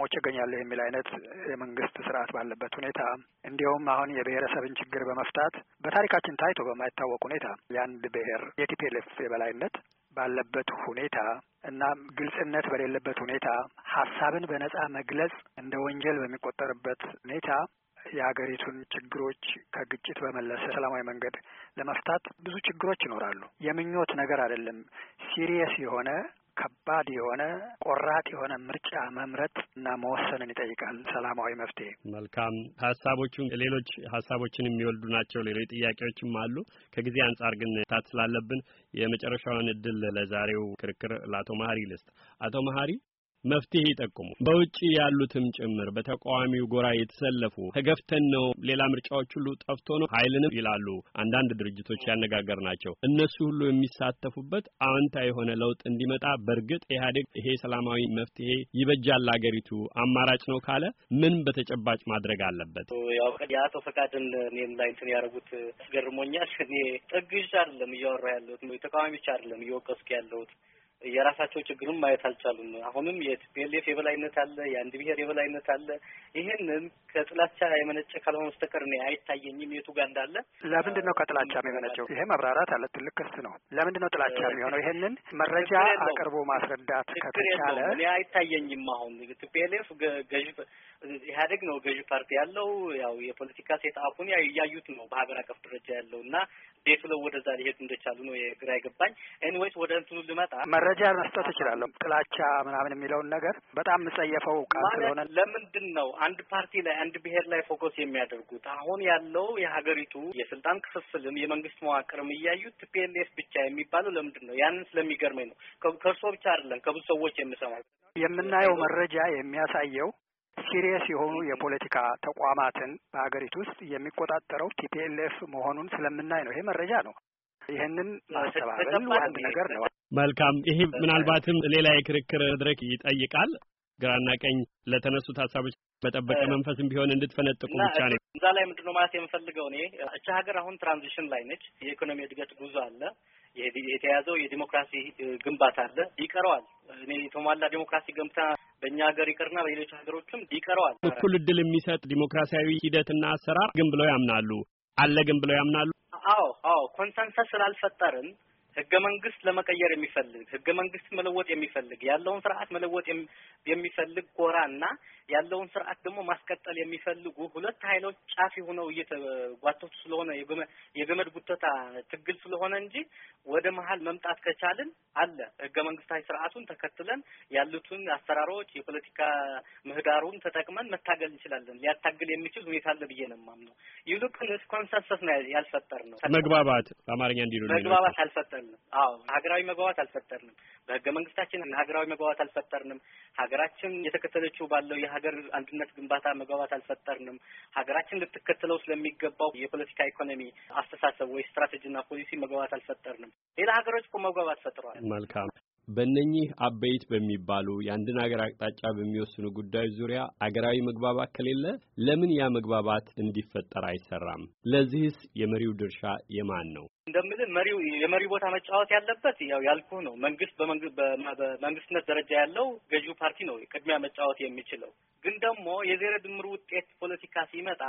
ሞች እገኛለሁ የሚል አይነት የመንግስት ስርዓት ባለበት ሁኔታ እንዲሁም አሁን የብሔረሰብን ችግር በመፍታት በታሪካችን ታይቶ በማይታወቅ ሁኔታ የአንድ ብሔር የቲፒኤልኤፍ የበላይነት ባለበት ሁኔታ እና ግልጽነት በሌለበት ሁኔታ ሀሳብን በነጻ መግለጽ እንደ ወንጀል በሚቆጠርበት ሁኔታ የሀገሪቱን ችግሮች ከግጭት በመለሰ ሰላማዊ መንገድ ለመፍታት ብዙ ችግሮች ይኖራሉ። የምኞት ነገር አይደለም። ሲሪየስ የሆነ ከባድ የሆነ ቆራጥ የሆነ ምርጫ መምረጥ እና መወሰንን ይጠይቃል ሰላማዊ መፍትሄ። መልካም ሀሳቦቹ ሌሎች ሀሳቦችን የሚወልዱ ናቸው። ሌሎች ጥያቄዎችም አሉ። ከጊዜ አንጻር ግን ታት ስላለብን የመጨረሻውን እድል ለዛሬው ክርክር ለአቶ መሀሪ ልስጥ። አቶ መሀሪ መፍትሄ ይጠቁሙ። በውጭ ያሉትም ጭምር በተቃዋሚው ጎራ የተሰለፉ ተገፍተን ነው፣ ሌላ ምርጫዎች ሁሉ ጠፍቶ ነው ኃይልንም ይላሉ አንዳንድ ድርጅቶች ያነጋገር ናቸው። እነሱ ሁሉ የሚሳተፉበት አዎንታ የሆነ ለውጥ እንዲመጣ በእርግጥ ኢህአዴግ ይሄ ሰላማዊ መፍትሄ ይበጃል አገሪቱ አማራጭ ነው ካለ ምን በተጨባጭ ማድረግ አለበት? ያው የአቶ ፈቃድን እኔም ላይ እንትን ያደረጉት አስገርሞኛል። እኔ ጥግሽ አይደለም እያወራ ያለሁት ተቃዋሚዎች አይደለም እየወቀስኩ ያለሁት የራሳቸው ችግርም ማየት አልቻሉም። አሁንም የቲፒኤልኤፍ የበላይነት አለ፣ የአንድ ብሔር የበላይነት አለ። ይህንን ከጥላቻ የመነጨ ካልሆነ በስተቀር እኔ አይታየኝም የቱ ጋር እንዳለ። ለምንድን ነው ከጥላቻ የመነጨው? ይሄ መብራራት አለ። ትልቅ ክስ ነው። ለምንድን ነው ጥላቻ የሚሆነው? ይሄንን መረጃ አቅርቦ ማስረዳት ከተቻለ እኔ አይታየኝም። አሁን ቲፒኤልኤፍ ገዥ ኢህአዴግ ነው ገዥ ፓርቲ ያለው ያው የፖለቲካ ሴት አፉን እያዩት ነው በሀገር አቀፍ ደረጃ ያለው እና ቤት ለው ወደዛ ሊሄዱ እንደቻሉ ነው የግራ ይገባኝ። ኤኒዌይስ ወደ እንትኑ ልመጣ ደረጃ መስጠት እችላለሁ። ጥላቻ ምናምን የሚለውን ነገር በጣም የምጸየፈው ቃል ስለሆነ ለምንድን ነው አንድ ፓርቲ ላይ አንድ ብሔር ላይ ፎከስ የሚያደርጉት? አሁን ያለው የሀገሪቱ የስልጣን ክፍፍልም የመንግስት መዋቅርም እያዩት ቲፒኤልኤፍ ብቻ የሚባለው ለምንድን ነው? ያንን ስለሚገርመኝ ነው። ከእርሶ ብቻ አይደለም ከብዙ ሰዎች የምሰማው የምናየው መረጃ የሚያሳየው ሲሪየስ የሆኑ የፖለቲካ ተቋማትን በሀገሪቱ ውስጥ የሚቆጣጠረው ቲፒኤልኤፍ መሆኑን ስለምናይ ነው። ይሄ መረጃ ነው። ይህንን ማስተባበል አንድ ነገር ነው። መልካም። ይሄ ምናልባትም ሌላ የክርክር መድረክ ይጠይቃል። ግራና ቀኝ ለተነሱት ሀሳቦች በጠበቀ መንፈስም ቢሆን እንድትፈነጥቁ ብቻ ነው። እዛ ላይ ምንድነው ማለት የምፈልገው እኔ እቺ ሀገር አሁን ትራንዚሽን ላይ ነች። የኢኮኖሚ እድገት ጉዞ አለ፣ የተያዘው የዲሞክራሲ ግንባታ አለ፣ ይቀረዋል። እኔ የተሟላ ዲሞክራሲ ገንብታ በእኛ ሀገር ይቅርና በሌሎች ሀገሮችም ይቀረዋል። እኩል እድል የሚሰጥ ዲሞክራሲያዊ ሂደትና አሰራር ግን ብለው ያምናሉ አለ ግን ብለው ያምናሉ። አዎ አዎ ኮንሰንሰስ ስላልፈጠርን ህገ መንግስት ለመቀየር የሚፈልግ ህገ መንግስት መለወጥ የሚፈልግ ያለውን ስርዓት መለወጥ የሚፈልግ ኮራና እና ያለውን ስርዓት ደግሞ ማስቀጠል የሚፈልጉ ሁለት ኃይሎች ጫፍ ሆነው እየተጓተቱ ስለሆነ የገመድ ጉተታ ትግል ስለሆነ እንጂ ወደ መሀል መምጣት ከቻልን አለ ህገ መንግስታዊ ስርዓቱን ተከትለን ያሉትን አሰራሮች የፖለቲካ ምህዳሩን ተጠቅመን መታገል እንችላለን። ሊያታግል የሚችል ሁኔታ አለ ብዬ ነው የማምነው። ይልቁንስ ኮንሰንሰስ ነው ያልፈጠር ነው መግባባት በአማርኛ እንዲሉ መግባባት አልፈጠር አልፈጠርንም። አዎ ሀገራዊ መግባባት አልፈጠርንም። በህገ መንግስታችን ሀገራዊ መግባባት አልፈጠርንም። ሀገራችን የተከተለችው ባለው የሀገር አንድነት ግንባታ መግባባት አልፈጠርንም። ሀገራችን ልትከተለው ስለሚገባው የፖለቲካ ኢኮኖሚ አስተሳሰብ ወይ ስትራቴጂና ፖሊሲ መግባባት አልፈጠርንም። ሌላ ሀገሮች እኮ መግባባት ፈጥረዋል። መልካም በእነኚህ አበይት በሚባሉ የአንድን ሀገር አቅጣጫ በሚወስኑ ጉዳዮች ዙሪያ አገራዊ መግባባት ከሌለ ለምን ያ መግባባት እንዲፈጠር አይሰራም? ለዚህስ የመሪው ድርሻ የማን ነው? እንደምልህ መሪው የመሪው ቦታ መጫወት ያለበት ያው ያልኩ ነው። መንግስት በመንግስትነት ደረጃ ያለው ገዢው ፓርቲ ነው ቅድሚያ መጫወት የሚችለው። ግን ደግሞ የዜሮ ድምር ውጤት ፖለቲካ ሲመጣ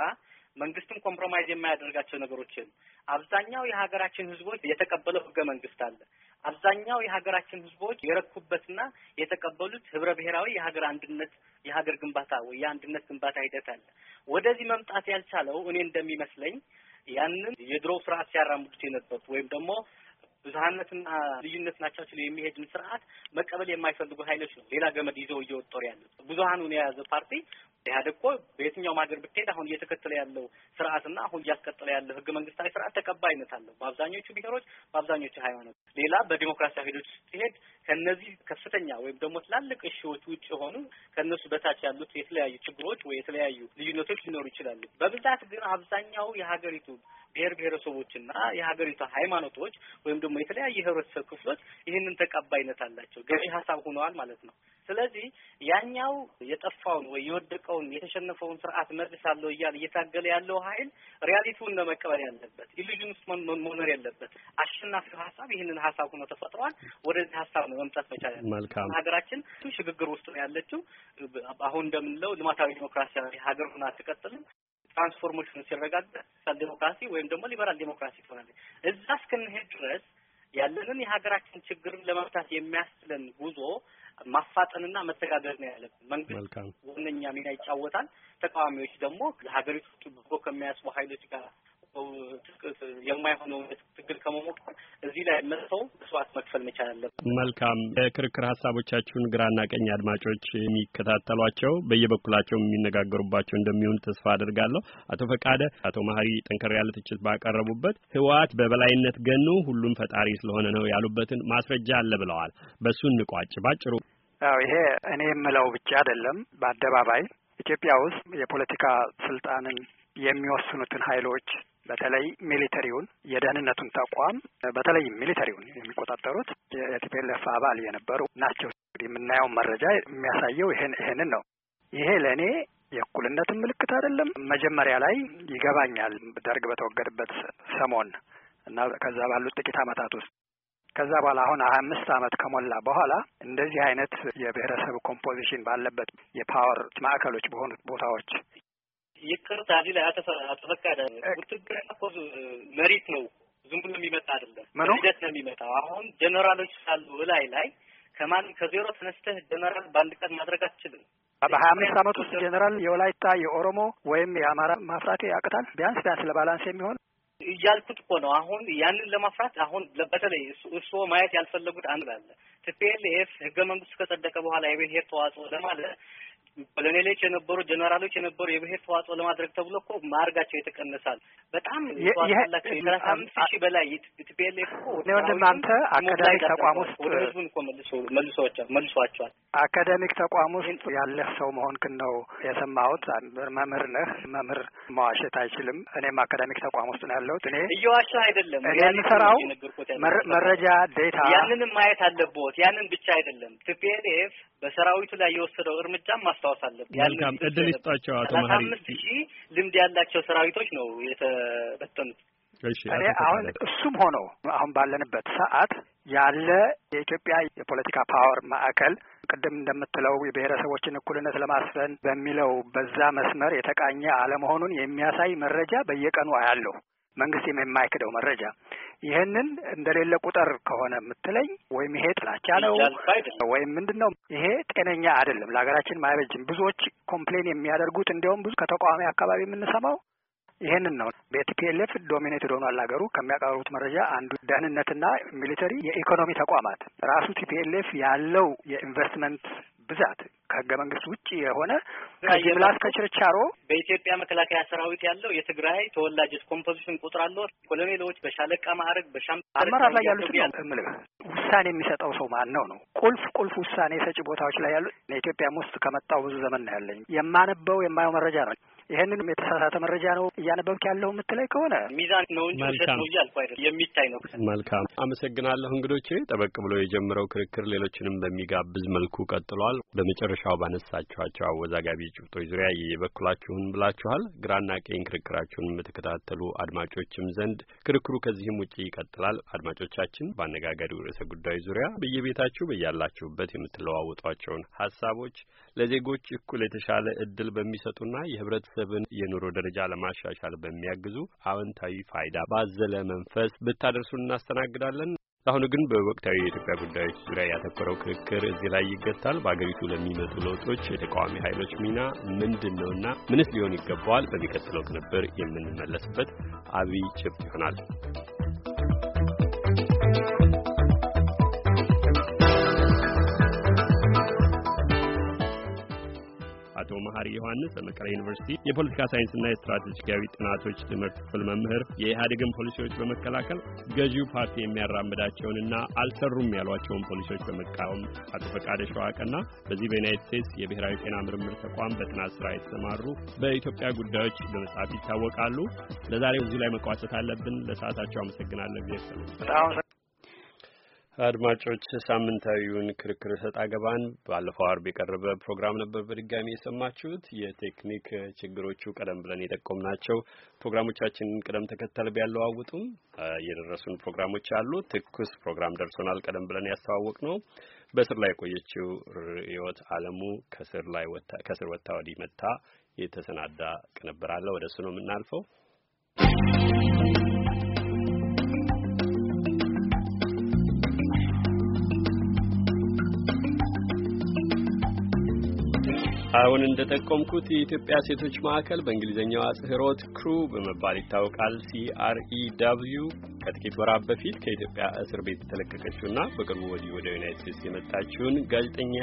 መንግስትም ኮምፕሮማይዝ የማያደርጋቸው ነገሮች የሉ። አብዛኛው የሀገራችን ህዝቦች የተቀበለው ህገ መንግስት አለ። አብዛኛው የሀገራችን ህዝቦች የረኩበትና የተቀበሉት ህብረ ብሔራዊ የሀገር አንድነት የሀገር ግንባታ ወይ የአንድነት ግንባታ ሂደት አለ። ወደዚህ መምጣት ያልቻለው እኔ እንደሚመስለኝ ያንን የድሮ ስርዓት ሲያራምዱት የነበሩት ወይም ደግሞ ብዙሀነትና ልዩነት ናቸው የሚሄድን ስርዓት መቀበል የማይፈልጉ ሀይሎች ነው ሌላ ገመድ ይዘው እየወጠሩ ያሉት። ብዙሀኑን የያዘ ፓርቲ ኢህአዴግ እኮ በየትኛውም ሀገር ብትሄድ አሁን እየተከተለ ያለው ስርዓትና አሁን እያስቀጠለ ያለው ህገ መንግስታዊ ስርዓት ተቀባይነት አለው በአብዛኞቹ ብሔሮች፣ በአብዛኞቹ ሃይማኖት። ሌላ በዲሞክራሲያዊ ሂዶች ስትሄድ ከነዚህ ከፍተኛ ወይም ደግሞ ትላልቅ እሺዎች ውጭ የሆኑ ከእነሱ በታች ያሉት የተለያዩ ችግሮች ወይ የተለያዩ ልዩነቶች ሊኖሩ ይችላሉ። በብዛት ግን አብዛኛው የሀገሪቱ ብሔር ብሔረሰቦችና የሀገሪቱ ሃይማኖቶች ወይም ደግሞ ደግሞ የተለያየ የህብረተሰብ ክፍሎች ይህንን ተቀባይነት አላቸው፣ ገቢ ሀሳብ ሆነዋል ማለት ነው። ስለዚህ ያኛው የጠፋውን ወይ የወደቀውን የተሸነፈውን ስርዓት መልሳለሁ እያለ እየታገለ ያለው ኃይል ሪያሊቲውን ለመቀበል ያለበት ኢሉዥን ውስጥ መኖር የለበት። አሸናፊው ሀሳብ ይህንን ሀሳብ ሆኖ ተፈጥሯል። ወደዚህ ሀሳብ ነው መምጣት መቻል ያለ። መልካም ሀገራችን ሽግግር ውስጥ ነው ያለችው። አሁን እንደምንለው ልማታዊ ዲሞክራሲያዊ ሀገር ሆና አትቀጥልም። ትራንስፎርሜሽኑ ሲረጋገጥ ዲሞክራሲ ወይም ደግሞ ሊበራል ዲሞክራሲ ትሆናለች። እዛ እስክንሄድ ድረስ ያለንን የሀገራችን ችግርን ለመፍታት የሚያስችለን ጉዞ ማፋጠንና መተጋገር ነው ያለብን። መንግስት ዋነኛ ሚና ይጫወታል። ተቃዋሚዎች ደግሞ ለሀገሪቱ ጥብቆ ከሚያስቡ ሀይሎች ጋር የማይሆነውን ትግል ከመሞከር እዚህ ላይ መጥተው መስዋዕት መክፈል መቻል አለበት። መልካም የክርክር ሀሳቦቻችሁን ግራና ቀኝ አድማጮች የሚከታተሏቸው በየበኩላቸው የሚነጋገሩባቸው እንደሚሆን ተስፋ አድርጋለሁ። አቶ ፈቃደ፣ አቶ መሀሪ ጠንከር ያለ ትችት ባቀረቡበት ህወሓት በበላይነት ገኖ ሁሉም ፈጣሪ ስለሆነ ነው ያሉበትን ማስረጃ አለ ብለዋል። በእሱ እንቋጭ ባጭሩ። አዎ ይሄ እኔ የምለው ብቻ አይደለም። በአደባባይ ኢትዮጵያ ውስጥ የፖለቲካ ስልጣንን የሚወስኑትን ኃይሎች በተለይ ሚሊተሪውን የደህንነቱን ተቋም በተለይ ሚሊተሪውን የሚቆጣጠሩት የቲፒኤልኤፍ አባል የነበሩ ናቸው። እንግዲህ መረጃ የሚያሳየው ይሄን ይሄንን ነው። ይሄ ለእኔ የእኩልነትን ምልክት አይደለም። መጀመሪያ ላይ ይገባኛል ደርግ በተወገደበት ሰሞን እና ከዛ ባሉት ጥቂት ዓመታት ውስጥ ከዛ በኋላ አሁን ሀያ አምስት አመት ከሞላ በኋላ እንደዚህ አይነት የብሔረሰብ ኮምፖዚሽን ባለበት የፓወር ማዕከሎች በሆኑት ቦታዎች ይቅርታ ሊል አልተፈቀደ። ውትድር እኮ መሬት ነው፣ ዝም ብሎ የሚመጣ አይደለም። ሂደት ነው የሚመጣው። አሁን ጀነራሎች ካሉ ላይ ላይ ከማን ከዜሮ ተነስተህ ጀነራል በአንድ ቀን ማድረግ አትችልም። በሀያ አምስት አመት ውስጥ ጀኔራል የወላይታ የኦሮሞ ወይም የአማራ ማፍራት ያቅታል። ቢያንስ ቢያንስ ለባላንስ የሚሆን እያልኩት እኮ ነው። አሁን ያንን ለማፍራት አሁን በተለይ እሱ ማየት ያልፈለጉት አንድ አለ። ቲፒኤልኤፍ ህገ መንግስት ከጸደቀ በኋላ የብሔር ተዋጽኦ ለማለት ኮሎኔሎች የነበሩ ጀነራሎች የነበሩ የብሄር ተዋጽኦ ለማድረግ ተብሎ እኮ ማርጋቸው የተቀነሳል። በጣም ተዋጽላቸው የሰላሳ አምስት ሺህ በላይ ኢትዮጵያ እኮ ወንድም አንተ አካዳሚክ ተቋም ውስጥ ወደ ህዝቡን እኮ መልሷቸዋል። አካዳሚክ ተቋም ውስጥ ያለህ ሰው መሆንክን ነው የሰማሁት። መምህር ነህ። መምህር መዋሸት አይችልም። እኔም አካዳሚክ ተቋም ውስጥ ነው ያለሁት። እኔ እየዋሸ አይደለም። እኔ የምሰራው መረጃ ዴታ፣ ያንንም ማየት አለብዎት። ያንን ብቻ አይደለም። ቲፒኤልኤፍ በሰራዊቱ ላይ የወሰደው እርምጃም ማስታወስ አለብን። መልካም እድል ይስጣቸው አቶ መሀሪ። አምስት ሺህ ልምድ ያላቸው ሰራዊቶች ነው የተበተኑት። እኔ አሁን እሱም ሆኖ አሁን ባለንበት ሰዓት ያለ የኢትዮጵያ የፖለቲካ ፓወር ማዕከል ቅድም እንደምትለው የብሔረሰቦችን እኩልነት ለማስፈን በሚለው በዛ መስመር የተቃኘ አለመሆኑን የሚያሳይ መረጃ በየቀኑ አያለሁ። መንግስትም የማይክደው መረጃ ይህንን እንደሌለ ቁጥር ከሆነ የምትለኝ ወይም ይሄ ጥላቻ ነው ወይም ምንድን ነው ይሄ ጤነኛ አይደለም፣ ለሀገራችን ማይበጅም። ብዙዎች ኮምፕሌን የሚያደርጉት እንዲያውም ብዙ ከተቃዋሚ አካባቢ የምንሰማው ይህንን ነው። በቲፒኤልኤፍ ዶሚኔትድ ሆኗል ሀገሩ። ከሚያቀርቡት መረጃ አንዱ ደህንነትና ሚሊተሪ፣ የኢኮኖሚ ተቋማት ራሱ ቲፒኤልኤፍ ያለው የኢንቨስትመንት ብዛት ከህገ መንግስት ውጭ የሆነ ከጅምላ እስከ ችርቻሮ በኢትዮጵያ መከላከያ ሰራዊት ያለው የትግራይ ተወላጆች ኮምፖዚሽን ቁጥር አለው። ኮሎኔሎች በሻለቃ ማዕረግ በሻም ላይ ያሉት ምልክ ውሳኔ የሚሰጠው ሰው ማን ነው ነው ቁልፍ ቁልፍ ውሳኔ ሰጪ ቦታዎች ላይ ያሉት። ኢትዮጵያም ውስጥ ከመጣው ብዙ ዘመን ነው ያለኝ የማነበው የማየው መረጃ ነው። ይህንንም የተሳሳተ መረጃ ነው እያነበብክ ያለው የምትለይ ከሆነ ሚዛን ነው እንጂ ውሸት ነው እያልኩ አይደለም። የሚታይ ነው። መልካም አመሰግናለሁ። እንግዶቼ ጠበቅ ብሎ የጀመረው ክርክር ሌሎችንም በሚጋብዝ መልኩ ቀጥሏል። በመጨረሻው ባነሳችኋቸው አወዛጋቢ ጭብጦች ዙሪያ የበኩላችሁን ብላችኋል። ግራና ቀኝ ክርክራችሁን የምትከታተሉ አድማጮችም ዘንድ ክርክሩ ከዚህም ውጭ ይቀጥላል። አድማጮቻችን በአነጋጋሪው ርዕሰ ጉዳይ ዙሪያ በየቤታችሁ በያላችሁበት የምትለዋወጧቸውን ሀሳቦች ለዜጎች እኩል የተሻለ እድል በሚሰጡና የህብረተሰብ የህብረተሰብን የኑሮ ደረጃ ለማሻሻል በሚያግዙ አዎንታዊ ፋይዳ ባዘለ መንፈስ ብታደርሱን እናስተናግዳለን። አሁን ግን በወቅታዊ የኢትዮጵያ ጉዳዮች ዙሪያ ያተኮረው ክርክር እዚህ ላይ ይገታል። በአገሪቱ ለሚመጡ ለውጦች የተቃዋሚ ኃይሎች ሚና ምንድን ነውና ምንስ ሊሆን ይገባዋል? በሚቀጥለው ቅንብር የምንመለስበት አብይ ጭብጥ ይሆናል። አቶ መሀሪ ዮሐንስ በመቀሌ ዩኒቨርሲቲ የፖለቲካ ሳይንስና የስትራቴጂካዊ ጥናቶች ትምህርት ክፍል መምህር፣ የኢህአዴግን ፖሊሲዎች በመከላከል ገዢው ፓርቲ የሚያራምዳቸውንና አልሰሩም ያሏቸውን ፖሊሲዎች በመቃወም አቶ ፈቃደ ሸዋቀና በዚህ በዩናይት ስቴትስ የብሔራዊ ጤና ምርምር ተቋም በጥናት ስራ የተሰማሩ በኢትዮጵያ ጉዳዮች በመጽሐፍ ይታወቃሉ። ለዛሬ እዚሁ ላይ መቋጨት አለብን። ለሰዓታቸው አመሰግናለሁ። ጊዜ ሰሉ አድማጮች ሳምንታዊውን ክርክር እሰጥ አገባን ባለፈው አርብ የቀረበ ፕሮግራም ነበር በድጋሚ የሰማችሁት። የቴክኒክ ችግሮቹ ቀደም ብለን የጠቆምናቸው ፕሮግራሞቻችንን ቅደም ተከተል ቢያለዋውጡም የደረሱን ፕሮግራሞች አሉ። ትኩስ ፕሮግራም ደርሶናል። ቀደም ብለን ያስተዋወቅ ነው በስር ላይ የቆየችው ርዕዮት አለሙ ከስር ላይ ከስር ወዲህ መታ የተሰናዳ ቅንብር አለ። ወደ እሱ ነው የምናልፈው። አሁን እንደጠቆምኩት የኢትዮጵያ ሴቶች ማዕከል በእንግሊዝኛው አጽህሮት ክሩ በመባል ይታወቃል። ሲአርኢ e ከጥቂት ወራት በፊት ከኢትዮጵያ እስር ቤት የተለቀቀችውና በቅርቡ ወዲህ ወደ ዩናይት ስቴትስ የመጣችውን ጋዜጠኛ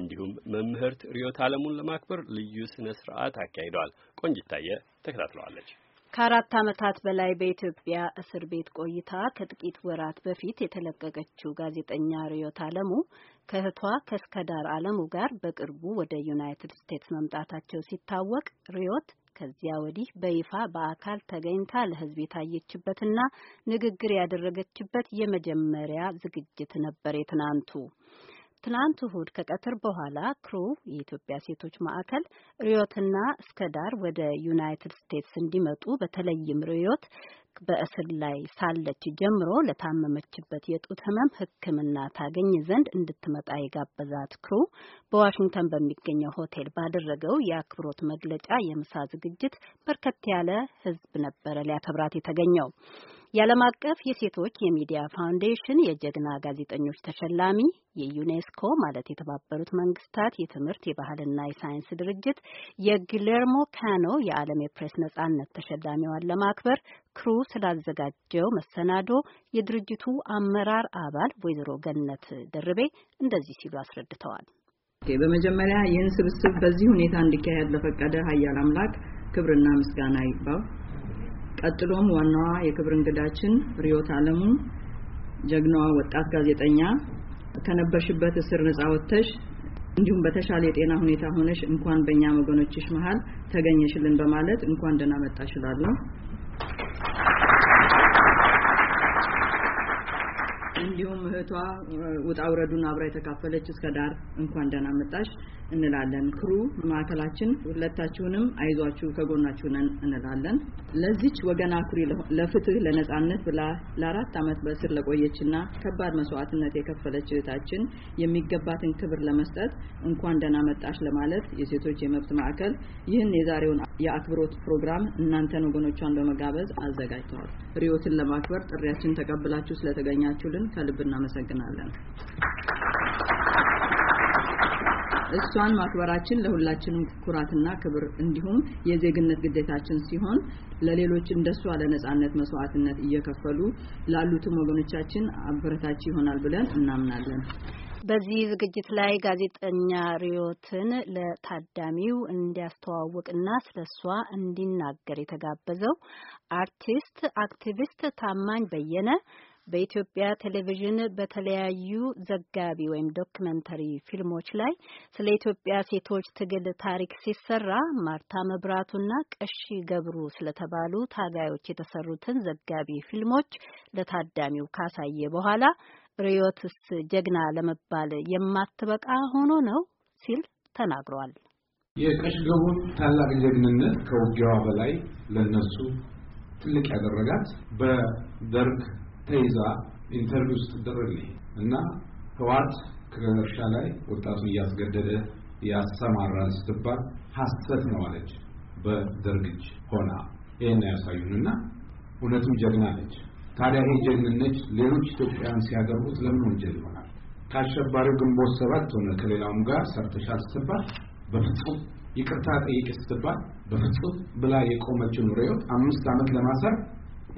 እንዲሁም መምህርት ርዕዮት ዓለሙን ለማክበር ልዩ ስነ ስርዓት አካሂደዋል። ቆንጅታየ ተከታትለዋለች። ከአራት ዓመታት በላይ በኢትዮጵያ እስር ቤት ቆይታ ከጥቂት ወራት በፊት የተለቀቀችው ጋዜጠኛ ርዕዮት ዓለሙ ከእህቷ ከእስከዳር አለሙ ጋር በቅርቡ ወደ ዩናይትድ ስቴትስ መምጣታቸው ሲታወቅ ሪዮት ከዚያ ወዲህ በይፋ በአካል ተገኝታ ለሕዝብ የታየችበትና ንግግር ያደረገችበት የመጀመሪያ ዝግጅት ነበር የትናንቱ። ትናንት እሁድ ከቀትር በኋላ ክሩ የኢትዮጵያ ሴቶች ማዕከል ሪዮትና እስከዳር ወደ ዩናይትድ ስቴትስ እንዲመጡ በተለይም ሪዮት በእስር ላይ ሳለች ጀምሮ ለታመመችበት የጡት ህመም ሕክምና ታገኝ ዘንድ እንድትመጣ የጋበዛት ክሩ በዋሽንግተን በሚገኘው ሆቴል ባደረገው የአክብሮት መግለጫ የምሳ ዝግጅት በርከት ያለ ሕዝብ ነበረ ሊያከብራት የተገኘው። የዓለም አቀፍ የሴቶች የሚዲያ ፋውንዴሽን የጀግና ጋዜጠኞች ተሸላሚ የዩኔስኮ ማለት የተባበሩት መንግስታት የትምህርት የባህልና የሳይንስ ድርጅት የግሌርሞ ካኖ የዓለም የፕሬስ ነጻነት ተሸላሚዋን ለማክበር ክሩ ስላዘጋጀው መሰናዶ የድርጅቱ አመራር አባል ወይዘሮ ገነት ደርቤ እንደዚህ ሲሉ አስረድተዋል። በመጀመሪያ ይህን ስብስብ በዚህ ሁኔታ እንዲካሄድ ለፈቀደ ሀያል አምላክ ክብርና ምስጋና ይግባው። ቀጥሎም ዋናዋ የክብር እንግዳችን ሪዮት አለሙ ጀግናዋ ወጣት ጋዜጠኛ ከነበርሽበት እስር ነጻ ወጥተሽ እንዲሁም በተሻለ የጤና ሁኔታ ሆነሽ እንኳን በእኛ ወገኖችሽ መሀል ተገኘሽልን በማለት እንኳን ደህና መጣሽ እንዲሁም እህቷ ውጣውረዱን አብራ የተካፈለች እስከ ዳር እንኳን ደህና መጣሽ እንላለን። ክሩ ማዕከላችን ሁለታችሁንም አይዟችሁ ከጎናችሁ ነን እንላለን። ለዚች ወገን አኩሪ ለፍትህ ለነጻነት ብላ ለአራት ዓመት በእስር ለቆየችና ከባድ መስዋዕትነት የከፈለች እህታችን የሚገባትን ክብር ለመስጠት እንኳን ደህና መጣሽ ለማለት የሴቶች የመብት ማዕከል ይህን የዛሬውን የአክብሮት ፕሮግራም እናንተን ወገኖቿን በመጋበዝ አዘጋጅተዋል። ሪዮትን ለማክበር ጥሪያችን ተቀብላችሁ ስለተገኛችሁልን ከልብ እናመሰግናለን። እሷን ማክበራችን ለሁላችንም ኩራትና ክብር እንዲሁም የዜግነት ግዴታችን ሲሆን ለሌሎች እንደሷ ለነጻነት መስዋዕትነት እየከፈሉ ላሉትም ወገኖቻችን አበረታች ይሆናል ብለን እናምናለን። በዚህ ዝግጅት ላይ ጋዜጠኛ ሪዮትን ለታዳሚው እንዲያስተዋውቅና ስለ እሷ እንዲናገር የተጋበዘው አርቲስት አክቲቪስት ታማኝ በየነ በኢትዮጵያ ቴሌቪዥን በተለያዩ ዘጋቢ ወይም ዶክመንተሪ ፊልሞች ላይ ስለ ኢትዮጵያ ሴቶች ትግል ታሪክ ሲሰራ ማርታ መብራቱና ቀሺ ገብሩ ስለተባሉ ታጋዮች የተሰሩትን ዘጋቢ ፊልሞች ለታዳሚው ካሳየ በኋላ ርዮትስ ጀግና ለመባል የማትበቃ ሆኖ ነው ሲል ተናግሯል። የቀሽ ገቡን ታላቅ ጀግንነት ከውጊያዋ በላይ ለነሱ ትልቅ ያደረጋት በደርግ ተይዛ ኢንተርቪው ስትደረግልኝ እና ህዋት ከእርሻ ላይ ወጣቱን እያስገደደ ያሰማራል ስትባል ሀሰት ነው አለች። በደርግች ሆና ይህን ያሳዩን እና እውነቱም ጀግና ነች። ታዲያ ይህ ጀግንነት ሌሎች ኢትዮጵያውያን ሲያደርጉት ለምን ወንጀል ይሆናል? ከአሸባሪው ግንቦት ሰባት ሆነ ከሌላውም ጋር ሰርተሻል ስትባል በፍጹም ይቅርታ ጠይቅ ስትባል በፍጹም ብላ የቆመችውን ሬዮት አምስት ዓመት ለማሰር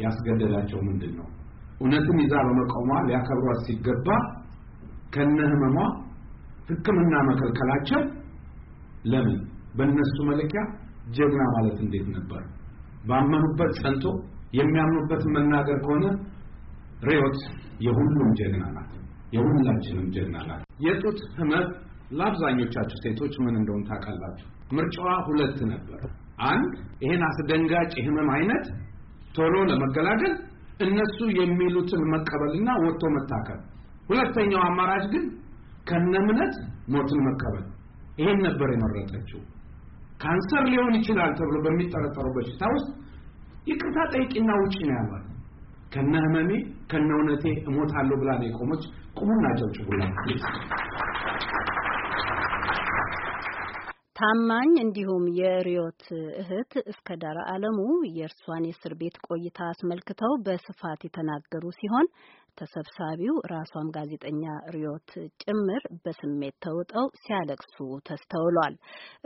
ያስገደዳቸው ምንድን ነው? እውነትን ይዛ በመቆሟ ሊያከብሯት ሲገባ ከነ ህመሟ ህክምና መከልከላቸው ለምን በእነሱ መለኪያ ጀግና ማለት እንዴት ነበር? ባመኑበት ጸንቶ የሚያምኑበትን መናገር ከሆነ ሬዮት የሁሉም ጀግና ናት፣ የሁላችንም ጀግና ናት። የጡት ህመም ለአብዛኞቻችሁ ሴቶች ምን እንደሆን ታውቃላችሁ። ምርጫዋ ሁለት ነበር። አንድ ይሄን አስደንጋጭ የህመም አይነት ቶሎ ለመገላገል እነሱ የሚሉትን መቀበልና ወጥቶ መታከል። ሁለተኛው አማራጭ ግን ከነምነት ሞትን መቀበል። ይሄን ነበር የመረጠችው። ካንሰር ሊሆን ይችላል ተብሎ በሚጠረጠሩ በሽታ ውስጥ ይቅርታ ጠይቂና ውጪ ነው ያሏት። ከነ ህመሜ ከነ እውነቴ እሞታለሁ ብላ ነው የቆመች። ቁሙና አጨብጭቡላት። ታማኝ እንዲሁም የሪዮት እህት እስከ ዳር አለሙ የእርሷን የእስር ቤት ቆይታ አስመልክተው በስፋት የተናገሩ ሲሆን ተሰብሳቢው ራሷም ጋዜጠኛ ሪዮት ጭምር በስሜት ተውጠው ሲያለቅሱ ተስተውሏል።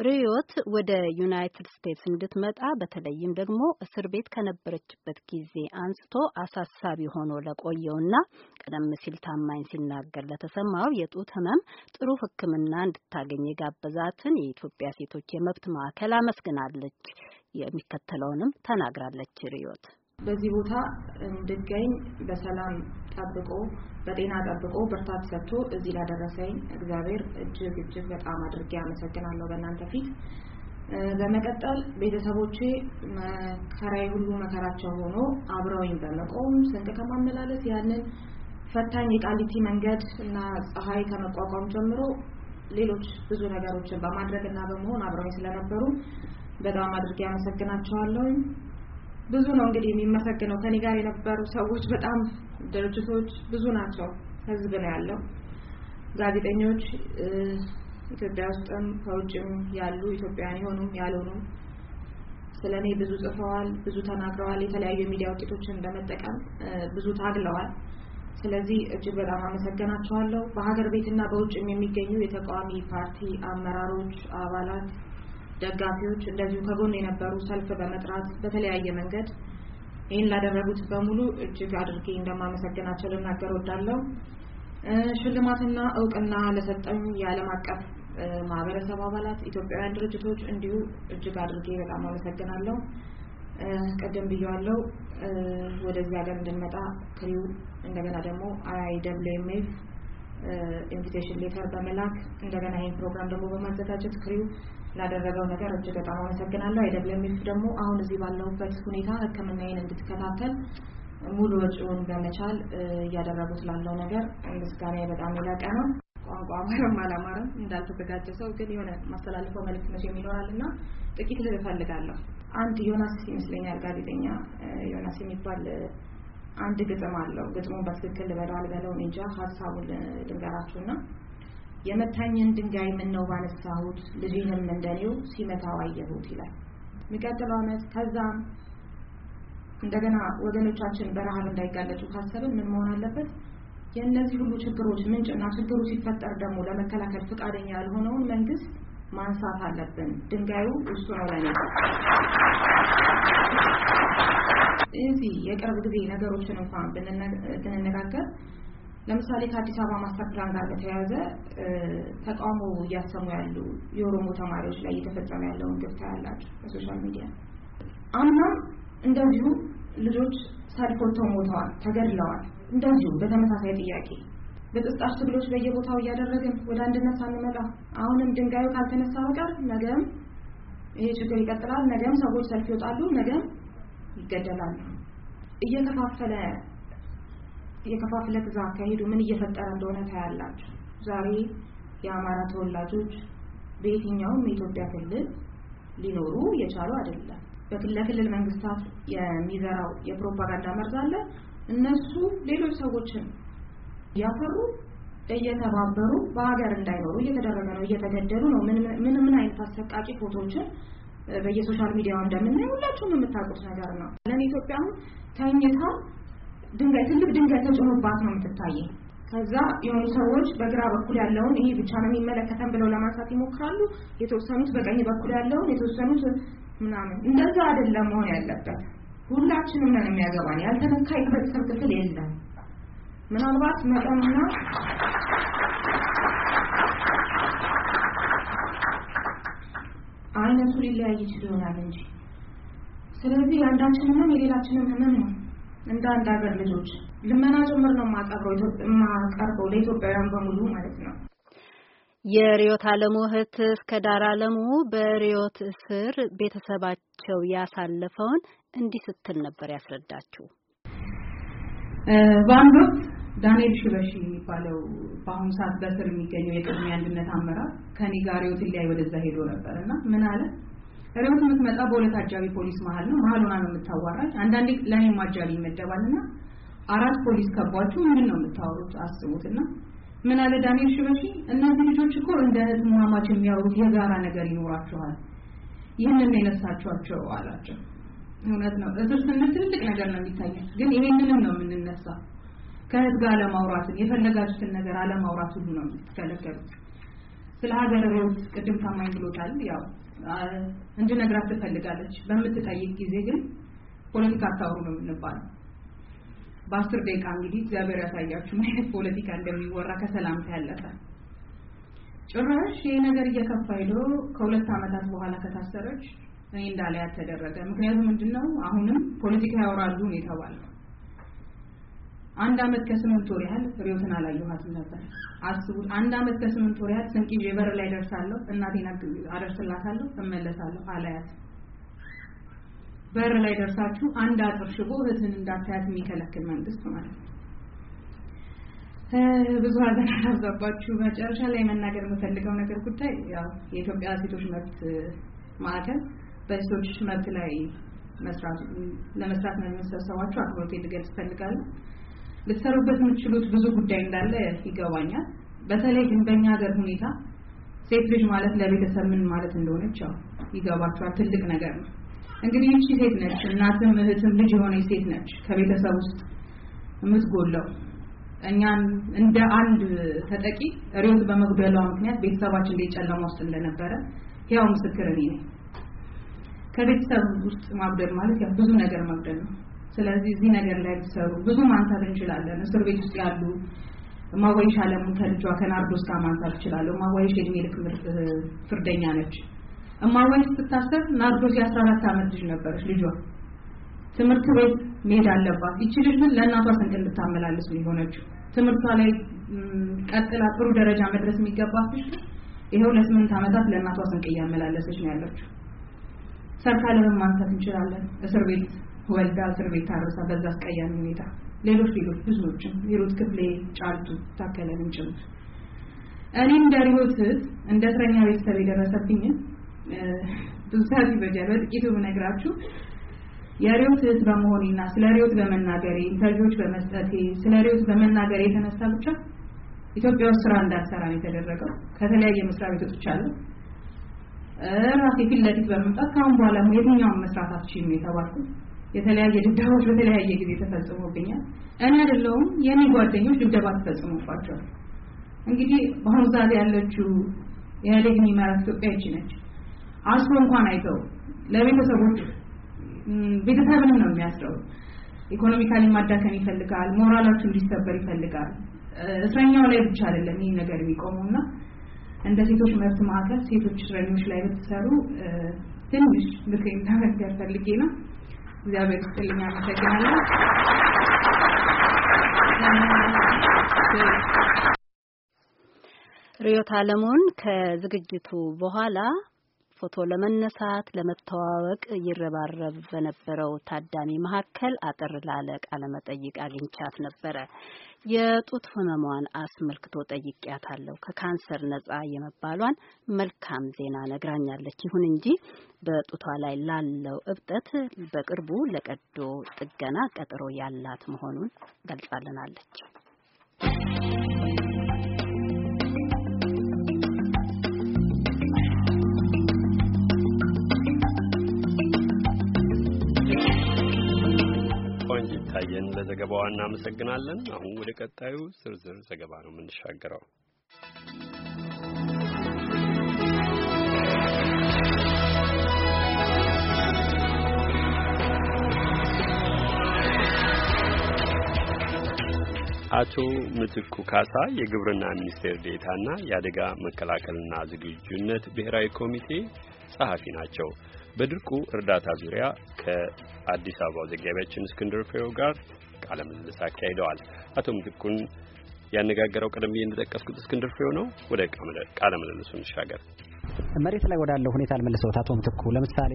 ሪዮት ወደ ዩናይትድ ስቴትስ እንድትመጣ በተለይም ደግሞ እስር ቤት ከነበረችበት ጊዜ አንስቶ አሳሳቢ ሆኖ ለቆየውና ቀደም ሲል ታማኝ ሲናገር ለተሰማው የጡት ሕመም ጥሩ ሕክምና እንድታገኝ የጋበዛትን የኢትዮጵያ ሴቶች የመብት ማዕከል አመስግናለች። የሚከተለውንም ተናግራለች ሪዮት በዚህ ቦታ እንድገኝ በሰላም ጠብቆ በጤና ጠብቆ ብርታት ሰጥቶ እዚህ ላደረሰኝ እግዚአብሔር እጅግ እጅግ በጣም አድርጌ አመሰግናለሁ በእናንተ ፊት። በመቀጠል ቤተሰቦቼ መከራዬ ሁሉ መከራቸው ሆኖ አብረውኝ በመቆም ስንቅ ከማመላለስ ያንን ፈታኝ የቃሊቲ መንገድ እና ፀሐይ ከመቋቋም ጀምሮ ሌሎች ብዙ ነገሮችን በማድረግ እና በመሆን አብረውኝ ስለነበሩ በጣም አድርጌ አመሰግናቸዋለሁኝ። ብዙ ነው እንግዲህ የሚመሰግነው። ከኔ ጋር የነበሩ ሰዎች በጣም ድርጅቶች ብዙ ናቸው። ህዝብ ነው ያለው። ጋዜጠኞች ኢትዮጵያ ውስጥም ከውጭም ያሉ ኢትዮጵያውያን የሆኑም ያልሆኑም ስለ እኔ ብዙ ጽፈዋል፣ ብዙ ተናግረዋል። የተለያዩ የሚዲያ ውጤቶችን በመጠቀም ብዙ ታግለዋል። ስለዚህ እጅግ በጣም አመሰግናቸዋለሁ። በሀገር ቤትና በውጭም የሚገኙ የተቃዋሚ ፓርቲ አመራሮች፣ አባላት ደጋፊዎች እንደዚሁ ከጎን የነበሩ ሰልፍ በመጥራት በተለያየ መንገድ ይህን ላደረጉት በሙሉ እጅግ አድርጌ እንደማመሰግናቸው ልናገር ወዳለው ሽልማትና እውቅና ለሰጠኝ የዓለም አቀፍ ማህበረሰብ አባላት፣ ኢትዮጵያውያን ድርጅቶች እንዲሁ እጅግ አድርጌ በጣም አመሰግናለሁ። ቀደም ብያዋለው ወደዚህ ሀገር እንድንመጣ ክሪው እንደገና ደግሞ አይ ደብሊው ኤም ኤፍ ኢንቪቴሽን ሌተር በመላክ እንደገና ይህን ፕሮግራም ደግሞ በማዘጋጀት ክሪው ላደረገው ነገር እጅግ በጣም አመሰግናለሁ። አይደብለሚፍ ደግሞ አሁን እዚህ ባለሁበት ሁኔታ ሕክምናዬን እንድትከታተል ሙሉ ወጪውን በመቻል እያደረጉ ስላለው ነገር ምስጋና በጣም የላቀ ነው። ቋንቋ አማረም አላማረም እንዳልተዘጋጀ ሰው ግን የሆነ ማስተላልፈው መልዕክት መቼም ይኖራል እና ጥቂት ልል እፈልጋለሁ። አንድ ዮናስ ይመስለኛል ጋዜጠኛ ዮናስ የሚባል አንድ ግጥም አለው። ግጥሙን በትክክል ልበለው አልበለው እንጃ፣ ሀሳቡን ልንገራችሁና የመታኝን ድንጋይ ነው ባነሳሁት ልጅህም እንደኔው ሲመታው አየሁት ይላል። የሚቀጥለው አመት ከዛም እንደገና ወገኖቻችን በረሃብ እንዳይጋለጡ ካሰብን ምን መሆን አለበት? የእነዚህ ሁሉ ችግሮች ምንጭና ችግሩ ሲፈጠር ደግሞ ለመከላከል ፈቃደኛ ያልሆነውን መንግስት ማንሳት አለብን። ድንጋዩ እሱ ነው ለኔ። እዚህ የቅርብ ጊዜ ነገሮችን እንኳን ብንነጋገር ለምሳሌ ከአዲስ አበባ ማስተር ፕላን ጋር በተያያዘ ተቃውሞ እያሰሙ ያሉ የኦሮሞ ተማሪዎች ላይ እየተፈጸመ ያለውን ግብታ ታያላችሁ በሶሻል ሚዲያ አምናም እንደዚሁ ልጆች ሰልፍ ወጥተው ሞተዋል፣ ተገድለዋል። እንደዚሁ በተመሳሳይ ጥያቄ በጥስጣሽ ትግሎች በየቦታው እያደረግን ወደ አንድነት ሳንመጣ አሁንም ድንጋዩ ካልተነሳ በቀር ነገም ይሄ ችግር ይቀጥላል፣ ነገም ሰዎች ሰልፍ ይወጣሉ፣ ነገም ይገደላሉ። እየከፋፈለ የከፋፍለ ግዛ አካሄዱ ምን እየፈጠረ እንደሆነ ታያላችሁ። ዛሬ የአማራ ተወላጆች በየትኛውም የኢትዮጵያ ክልል ሊኖሩ የቻሉ አይደለም። ለክልል መንግስታት የሚዘራው የፕሮፓጋንዳ መርዝ አለ። እነሱ ሌሎች ሰዎችን እያፈሩ እየተባበሩ በሀገር እንዳይኖሩ እየተደረገ ነው። እየተገደሉ ነው። ምን ምን አይነት አሰቃቂ ፎቶዎችን በየሶሻል ሚዲያው እንደምናየው ሁላችሁም የምታውቁት ነገር ነው። ለኢትዮጵያም ተኝታ ድንጋይ ትልቅ ድንጋይ ተጭኖባት ነው የምትታየው ከዛ የሆኑ ሰዎች በግራ በኩል ያለውን ይሄ ብቻ ነው የሚመለከተን ብለው ለማንሳት ይሞክራሉ። የተወሰኑት በቀኝ በኩል ያለውን የተወሰኑት ምናምን። እንደዛ አይደለም መሆን ያለበት። ሁላችንም ነን የሚያገባን። ያልተነካ የህብረተሰብ ክፍል የለም። ምናልባት መጠኑና አይነቱ ሊለያይ ይችል ይሆናል እንጂ ስለዚህ የአንዳችን የሌላችንም ህመም ነው። እንደ አንድ ሀገር ልጆች ልመና ጭምር ነው የማቀርበው የማቀርበው ለኢትዮጵያውያን በሙሉ ማለት ነው። የሪዮት አለሙ እህት እስከ ዳር አለሙ በሪዮት ስር ቤተሰባቸው ያሳለፈውን እንዲህ ስትል ነበር ያስረዳችው። በአንድ ወቅት ዳንኤል ሽበሺ የሚባለው በአሁኑ ሰዓት በስር የሚገኘው የቅድሚያ አንድነት አመራር ከኔ ጋር ሪዮት ሊያይ ወደዛ ሄዶ ነበር እና ምን አለ ርዕዮት የምትመጣ በሁለት አጃቢ ፖሊስ መሀል ነው። መሀል ሆና ነው የምታዋራች። አንዳንዴ ለእኔ አጃቢ ይመደባል እና አራት ፖሊስ ከባችሁ ምንድን ነው የምታወሩት? አስቡት እና ምን አለ ዳንኤል ሽበሺ፣ እነዚህ ልጆች እኮ እንደ እህትማማች የሚያወሩት የጋራ ነገር ይኖራችኋል፣ ይህንን ነው የነሳችኋቸው አላቸው። እውነት ነው እስር ስንል ትልቅ ነገር ነው የሚታየው፣ ግን ይሄንንም ነው የምንነሳ ከእህት ጋር አለማውራትን የፈለጋችሁትን ነገር አለማውራት ሁሉ ነው የምትከለከሉት። ስለ ሀገር ርዕዮት ቅድም ታማኝ ብሎታል ያው እንድነግራት ትፈልጋለች። በምትጠይቅ ጊዜ ግን ፖለቲካ አታውሩ ነው የምንባለው። በአስር ደቂቃ እንግዲህ እግዚአብሔር ያሳያችሁ ምን አይነት ፖለቲካ እንደሚወራ ከሰላምታ ያለፈ። ጭራሽ ይሄ ነገር እየከፋ ሄዶ ከሁለት ዓመታት በኋላ ከታሰረች እኔ እንዳለያት ተደረገ። ምክንያቱም ምንድነው አሁንም ፖለቲካ ያወራሉ ነው የተባለው። አንድ አመት ከስምንት ወር ያህል ሪዮትን አላየኋትም ነበር። አስቡት፣ አንድ አመት ከስምንት ወር ያህል ስንቅ ይዤ በር ላይ ደርሳለሁ፣ እናቴን አደርስላታለሁ፣ እመለሳለሁ፣ አላያት። በር ላይ ደርሳችሁ አንድ አጥር ሽቦ እህትን እንዳታያት የሚከለክል መንግስት ማለት ነው። ብዙ ሀዘን አላብዛባችሁ። መጨረሻ ላይ መናገር የምፈልገው ነገር ጉዳይ ያው የኢትዮጵያ ሴቶች መብት ማዕከል በሴቶች መብት ላይ መስራት ለመስራት ነው የሚሰሰባችሁ አክብሮቴ ልገልጽ እፈልጋለሁ። ልትሰሩበት የምትችሉት ብዙ ጉዳይ እንዳለ ይገባኛል። በተለይ ግን በእኛ ሀገር ሁኔታ ሴት ልጅ ማለት ለቤተሰብ ምን ማለት እንደሆነች ያው ይገባቸዋል። ትልቅ ነገር ነው። እንግዲህ ይቺ ሴት ነች፣ እናትም እህትም ልጅ የሆነች ሴት ነች ከቤተሰብ ውስጥ የምትጎለው። እኛን እንደ አንድ ተጠቂ ሪዮት በመጉደሏ ምክንያት ቤተሰባችን እንዴት ጨለማ ውስጥ እንደነበረ ያው ምስክር እኔ ነኝ። ከቤተሰብ ውስጥ ማጉደል ማለት ያው ብዙ ነገር ማጉደል ነው። ስለዚህ እዚህ ነገር ላይ ብትሰሩ ብዙ ማንሳት እንችላለን። እስር ቤት ውስጥ ያሉ ማዋይሽ አለሙ ከልጇ ከናርዶስ ጋር ማንሳት እችላለሁ። ማዋይሽ የእድሜ ልክ ፍርደኛ ነች። እማዋይሽ ስታሰብ ናርዶስ የአስራ አራት ዓመት ልጅ ነበረች። ልጇ ትምህርት ቤት መሄድ አለባት። ይቺ ልጅ ግን ለእናቷ ስንቅ እንድታመላልስ የሆነችው ትምህርቷ ላይ ቀጥላ ጥሩ ደረጃ መድረስ የሚገባት ልጅ ይኸው ለስምንት ዓመታት ለእናቷ ስንቅ እያመላለሰች ነው ያለችው። ሰርካለምን ማንሳት እንችላለን። እስር ቤት ወልዳ እስር ቤት ታረሳ በዛ አስቀያሚ ሁኔታ ሌሎች ሌሎች ብዙዎችም ሂሩት ክፍሌ፣ ጫልቱ ታከለንም ጭምር እኔ እንደ ሪሆት እንደ እስረኛ ቤተሰብ የደረሰብኝ ብዙ ሰዓት ይበጃል። በጥቂቱ ብነግራችሁ የሪዮት እህት በመሆኔና ስለ ሪዮት በመናገሬ ኢንተርቪዎች በመስጠቴ ስለ ሪዮት በመናገሬ የተነሳ ብቻ ኢትዮጵያ ውስጥ ስራ እንዳትሰራ ነው የተደረገው። ከተለያየ መስሪያ ቤቶች አሉ። ራሴ ፊት ለፊት በመምጣት ከአሁን በኋላ የትኛውን መስራት አትችይም የተባልኩ የተለያየ ድብደባዎች በተለያየ ጊዜ ተፈጽሞብኛል። እኔ አይደለሁም የኔ ጓደኞች ድብደባ ተፈጽሞባቸዋል። እንግዲህ በአሁኑ ሰዓት ያለችው ኢህአዴግ የሚመራት ኢትዮጵያ ይቺ ነች። አስሮ እንኳን አይተው ለቤተሰቦች ቤተሰብን ነው የሚያስረው። ኢኮኖሚካሊ ማዳከም ይፈልጋል። ሞራላችሁ እንዲሰበር ይፈልጋል። እስረኛው ላይ ብቻ አይደለም ይህ ነገር የሚቆመው እና እንደ ሴቶች መብት ማዕከል ሴቶች እስረኞች ላይ ብትሰሩ ትንሽ ምክር እንዳመት ፈልጌ ነው። እግዚአብሔር ይስጥልኝ። አመሰግናለሁ። ሪዮት አለሙን ከዝግጅቱ በኋላ ፎቶ ለመነሳት ለመተዋወቅ ይረባረብ በነበረው ታዳሚ መካከል አጠር ላለ ቃለመጠይቅ አግኝቻት ነበረ። የጡት ህመሟን አስመልክቶ ጠይቄያታለሁ። ከካንሰር ነጻ የመባሏን መልካም ዜና ነግራኛለች። ይሁን እንጂ በጡቷ ላይ ላለው እብጠት በቅርቡ ለቀዶ ጥገና ቀጠሮ ያላት መሆኑን ገልጻልናለች። ቆንጅት ታየን ለዘገባዋ እናመሰግናለን። አሁን ወደ ቀጣዩ ዝርዝር ዘገባ ነው የምንሻገረው። አቶ ምትኩ ካሳ የግብርና ሚኒስቴር ዴታና የአደጋ መከላከልና ዝግጁነት ብሔራዊ ኮሚቴ ጸሐፊ ናቸው። በድርቁ እርዳታ ዙሪያ ከአዲስ አበባው ዘጋቢያችን እስክንድር ፍሬው ጋር ቃለ ምልልስ አካሂደዋል። አቶ ምትኩን ያነጋገረው ቀደም ብዬ እንደጠቀስኩት እስክንድር ፍሬው ነው። ወደ ቃለ ምልልሱ እንሻገር። መሬት ላይ ወዳለው ሁኔታ አልመልሰውት አቶ ምትኩ ለምሳሌ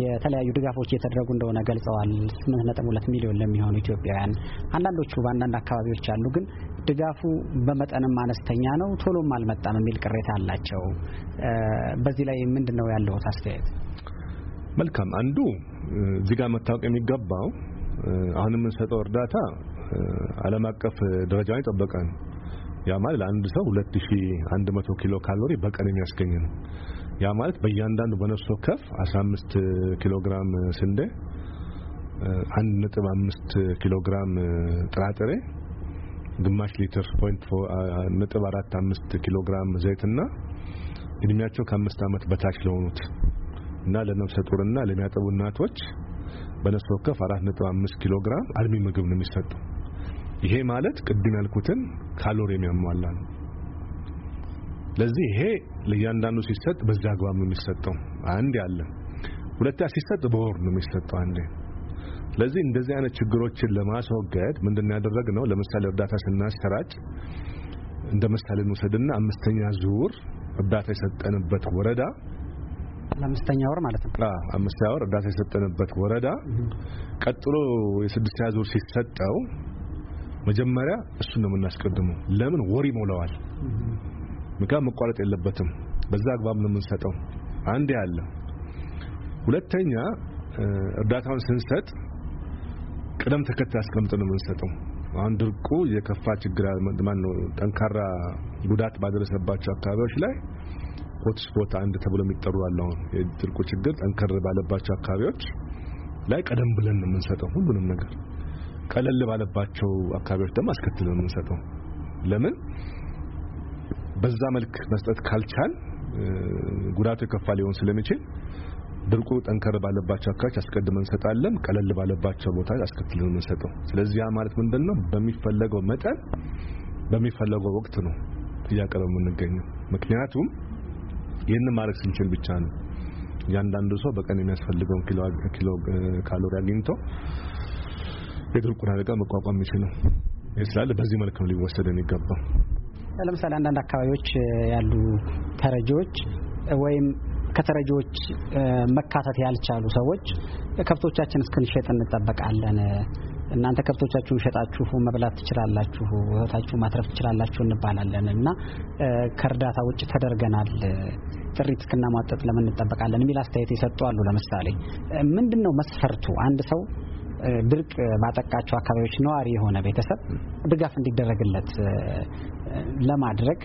የተለያዩ ድጋፎች እየተደረጉ እንደሆነ ገልጸዋል። ስምንት ነጥብ ሁለት ሚሊዮን ለሚሆኑ ኢትዮጵያውያን አንዳንዶቹ በአንዳንድ አካባቢዎች አሉ ግን ድጋፉ በመጠንም አነስተኛ ነው፣ ቶሎም አልመጣም የሚል ቅሬታ አላቸው። በዚህ ላይ ምንድን ነው ያለሁት አስተያየት? መልካም። አንዱ እዚህ ጋር መታወቅ የሚገባው አሁን የምንሰጠው እርዳታ ዓለም አቀፍ ደረጃውን የጠበቀ ነው። ያ ማለት ለአንድ ሰው 2100 ኪሎ ካሎሪ በቀን የሚያስገኝ ነው። ያ ማለት በእያንዳንዱ በነፍስ ወከፍ 15 ኪሎ ግራም ስንዴ፣ 1.5 ኪሎ ግራም ጥራጥሬ፣ ግማሽ ሊትር ነጥብ 45 ኪሎ ግራም ዘይትና እድሜያቸው ከአምስት ዓመት በታች ለሆኑት እና ለነፍሰ ጡርና ለሚያጠቡ እናቶች በነፍስ ወከፍ 4.5 ኪሎ ግራም አልሚ ምግብ ነው የሚሰጠው። ይሄ ማለት ቅድም ያልኩትን ካሎሪ የሚያሟላ ነው። ለዚህ ይሄ ለእያንዳንዱ ሲሰጥ በዛ አግባብ ነው የሚሰጠው። አንድ ያለ ሁለት ሲሰጥ በወር ነው የሚሰጠው አንዴ። ለዚህ እንደዚህ አይነት ችግሮችን ለማስወገድ ምንድን ያደረግ ነው ለምሳሌ እርዳታ ስናሰራጭ እንደ ምሳሌ እንውሰድና አምስተኛ ዙር እርዳታ የሰጠንበት ወረዳ ለአምስተኛ ወር ማለት ነው። አምስተኛ ወር እርዳታ የሰጠንበት ወረዳ ቀጥሎ የስድስተኛ ዙር ሲሰጠው መጀመሪያ እሱን ነው የምናስቀድመው። ለምን ወር ይሞላዋል። ምክንያቱም መቋረጥ የለበትም። በዛ አግባብ ነው የምንሰጠው። አንድ ያለ ሁለተኛ እርዳታውን ስንሰጥ ቅደም ተከተል አስቀምጠን ነው የምንሰጠው። አሁን ድርቁ የከፋ ችግር ማን ነው ጠንካራ ጉዳት ባደረሰባቸው አካባቢዎች ላይ ሆትስፖት አንድ ተብሎ የሚጠሩ ያለውን የድርቁ ችግር ጠንከር ባለባቸው አካባቢዎች ላይ ቀደም ብለን ነው የምንሰጠው ሁሉንም ነገር። ቀለል ባለባቸው አካባቢዎች ደግሞ አስከትለን ነው የምንሰጠው። ለምን በዛ መልክ መስጠት ካልቻል ጉዳቱ የከፋ ሊሆን ስለሚችል ድርቁ ጠንከር ባለባቸው አካባቢዎች አስቀድመን እንሰጣለን። ቀለል ባለባቸው ቦታ አስከትለን የምንሰጠው። ስለዚህ ያ ማለት ምንድነው? በሚፈለገው መጠን በሚፈለገው ወቅት ነው እያቀረብ የምንገኘው። ምክንያቱም ይህንን ማድረግ ስንችል ብቻ ነው እያንዳንዱ ሰው በቀን የሚያስፈልገውን ኪሎ ካሎሪ አግኝቶ የድርቁን አደጋ መቋቋም የሚችለው ይህ ስላለ በዚህ መልክ ነው ሊወሰድ የሚገባው። ለምሳሌ አንዳንድ አካባቢዎች ያሉ ተረጂዎች ወይም ከተረጂዎች መካተት ያልቻሉ ሰዎች ከብቶቻችን እስክንሸጥ እንጠበቃለን እናንተ ከብቶቻችሁን ሸጣችሁ መብላት ትችላላችሁ፣ ህይወታችሁ ማትረፍ ትችላላችሁ እንባላለን እና ከእርዳታ ውጭ ተደርገናል ጥሪት እስክናሟጠጥ ለምን እንጠበቃለን የሚል አስተያየት የሰጡ አሉ። ለምሳሌ ምንድን ነው መስፈርቱ አንድ ሰው ድርቅ ባጠቃቸው አካባቢዎች ነዋሪ የሆነ ቤተሰብ ድጋፍ እንዲደረግለት ለማድረግ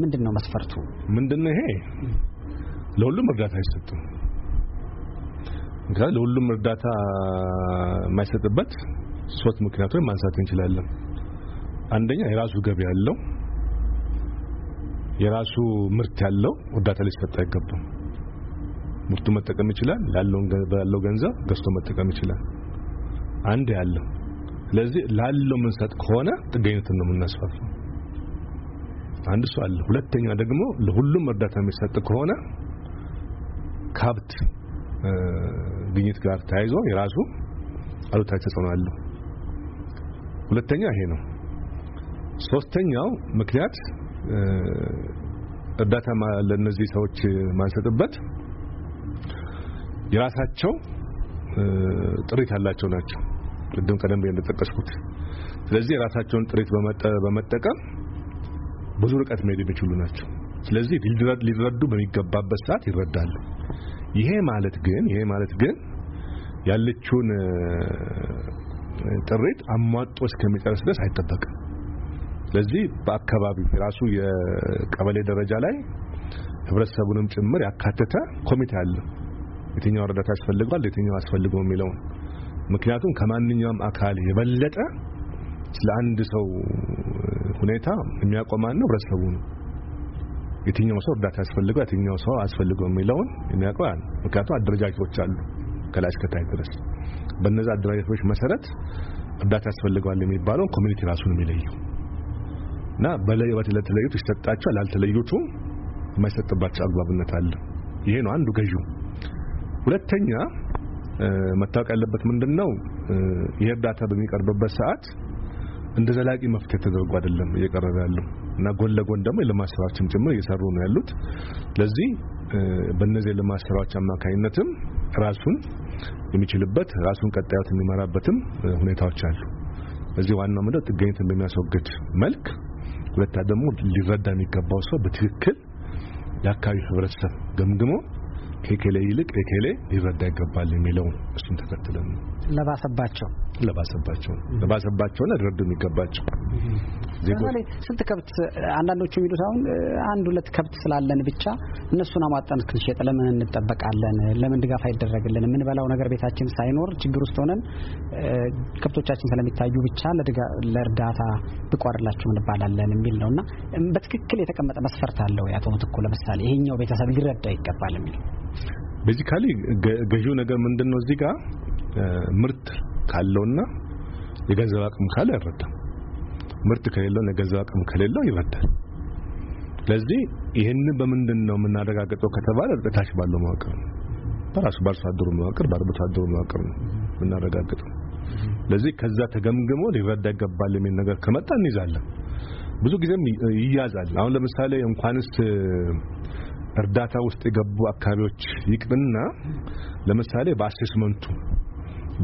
ምንድን ነው መስፈርቱ? ምንድን ነው ይሄ? ለሁሉም እርዳታ አይሰጥም። ለሁሉም እርዳታ የማይሰጥበት ሶስት ምክንያቶች ማንሳት እንችላለን። አንደኛ የራሱ ገቢ ያለው የራሱ ምርት ያለው እርዳታ ሊሰጥ አይገባም። ምርቱ መጠቀም ይችላል። ያለው ገንዘብ ገዝቶ መጠቀም ይችላል። አንድ ያለው ስለዚህ ላለው የምንሰጥ ከሆነ ጥገኝነትን ነው የምናስፋፋው። አንድ ሰው አለ። ሁለተኛ ደግሞ ለሁሉም እርዳታ የሚሰጥ ከሆነ ከሀብት ግኝት ጋር ተያይዞ የራሱ አሉታዊ ተጽዕኖ አለው። ሁለተኛ ይሄ ነው። ሶስተኛው ምክንያት እርዳታ ለነዚህ ሰዎች ማንሰጥበት የራሳቸው ጥሪት ያላቸው ናቸው። ቅድም ቀደም ብዬ እንደጠቀስኩት ስለዚህ የራሳቸውን ጥሪት በመጠቀም ብዙ ርቀት መሄድ የሚችሉ ናቸው። ስለዚህ ሊረዱ በሚገባበት ሰዓት ይረዳሉ። ይሄ ማለት ግን ይሄ ማለት ግን ያለችውን ጥሪት አሟጦ እስከሚጨርስ ድረስ አይጠበቅም። ስለዚህ በአካባቢው የራሱ የቀበሌ ደረጃ ላይ ህብረተሰቡንም ጭምር ያካተተ ኮሚቴ አለ። የትኛው እርዳታ ያስፈልገዋል፣ የትኛው አስፈልገው የሚለውን ምክንያቱም ከማንኛውም አካል የበለጠ ስለ አንድ ሰው ሁኔታ የሚያቆማን ነው ህብረተሰቡ ነው። የትኛው ሰው እርዳታ ያስፈልገው፣ የትኛው ሰው አስፈልገው የሚለውን የሚያውቀው ምክንያቱም አደረጃጀቶች አሉ ከላይ እስከታች ድረስ በነዛ አደራጀቶች መሰረት እርዳታ ያስፈልገዋል የሚባለው ኮሚኒቲ ራሱን የሚለየው እና በለየበት ለተለዩት ይሰጣቸዋል፣ ላልተለዩቱ የማይሰጥባቸው አግባብነት አለ። ይሄ ነው አንዱ ገዢው። ሁለተኛ መታወቅ ያለበት ምንድነው፣ ይሄ እርዳታ በሚቀርብበት ሰዓት እንደ ዘላቂ መፍትሄ ተደርጎ አይደለም እየቀረበ ያለው እና ጎን ለጎን ደግሞ የልማት ስራዎችም ጭምር እየሰሩ ነው ያሉት። ስለዚህ በእነዚህ የልማት ስራዎች አማካኝነትም ራሱን የሚችልበት ራሱን ቀጣዩት የሚመራበትም ሁኔታዎች አሉ። በዚህ ዋናው ምንድነው ጥገኝትን በሚያስወግድ መልክ፣ ሁለታ ደግሞ ሊረዳ የሚገባው ሰው በትክክል የአካባቢ ህብረተሰብ ገምግሞ ከኬሌ ይልቅ ኬሌ ሊረዳ ይገባል የሚለው እሱን ተከትለን ለባሰባቸው ለባሰባቸው ነው ድርድር የሚገባቸው ዜጎች ስንት ከብት አንዳንዶቹ የሚሉት አሁን አንድ ሁለት ከብት ስላለን ብቻ እነሱን አሟጠን ክንሸጥ ለምን እንጠበቃለን? ለምን ድጋፍ አይደረግልን? የምንበላው ነገር ቤታችን ሳይኖር ችግር ውስጥ ሆነን ከብቶቻችን ስለሚታዩ ብቻ ለእርዳታ ብቆርላችሁ እንባላለን የሚል ነውና በትክክል የተቀመጠ መስፈርት አለው። የአቶ ምትኩ ለምሳሌ ይሄኛው ቤተሰብ ሊረዳ ይገባል የሚል ቤዚካሊ ገዢው ነገር ምንድን ነው እዚህ ጋር ምርት ካለውና የገንዘብ አቅም ካለ አይረዳም። ምርት ከሌለው የገንዘብ አቅም ከሌለው ይረዳል። ስለዚህ ይህንን በምንድን ነው የምናረጋግጠው ከተባለ በታች ባለው መዋቅር ነው። በራሱ በአርሶ አደሩ መዋቅር፣ በአርብቶ አደሩ መዋቅር ነው የምናረጋግጠው። ስለዚህ ከዛ ተገምግሞ ሊረዳ ይገባል የሚል ነገር ከመጣ እንይዛለን። ብዙ ጊዜም ይያዛል። አሁን ለምሳሌ እንኳንስ እርዳታ ውስጥ የገቡ አካባቢዎች ይቅርና ለምሳሌ በአሴስመንቱ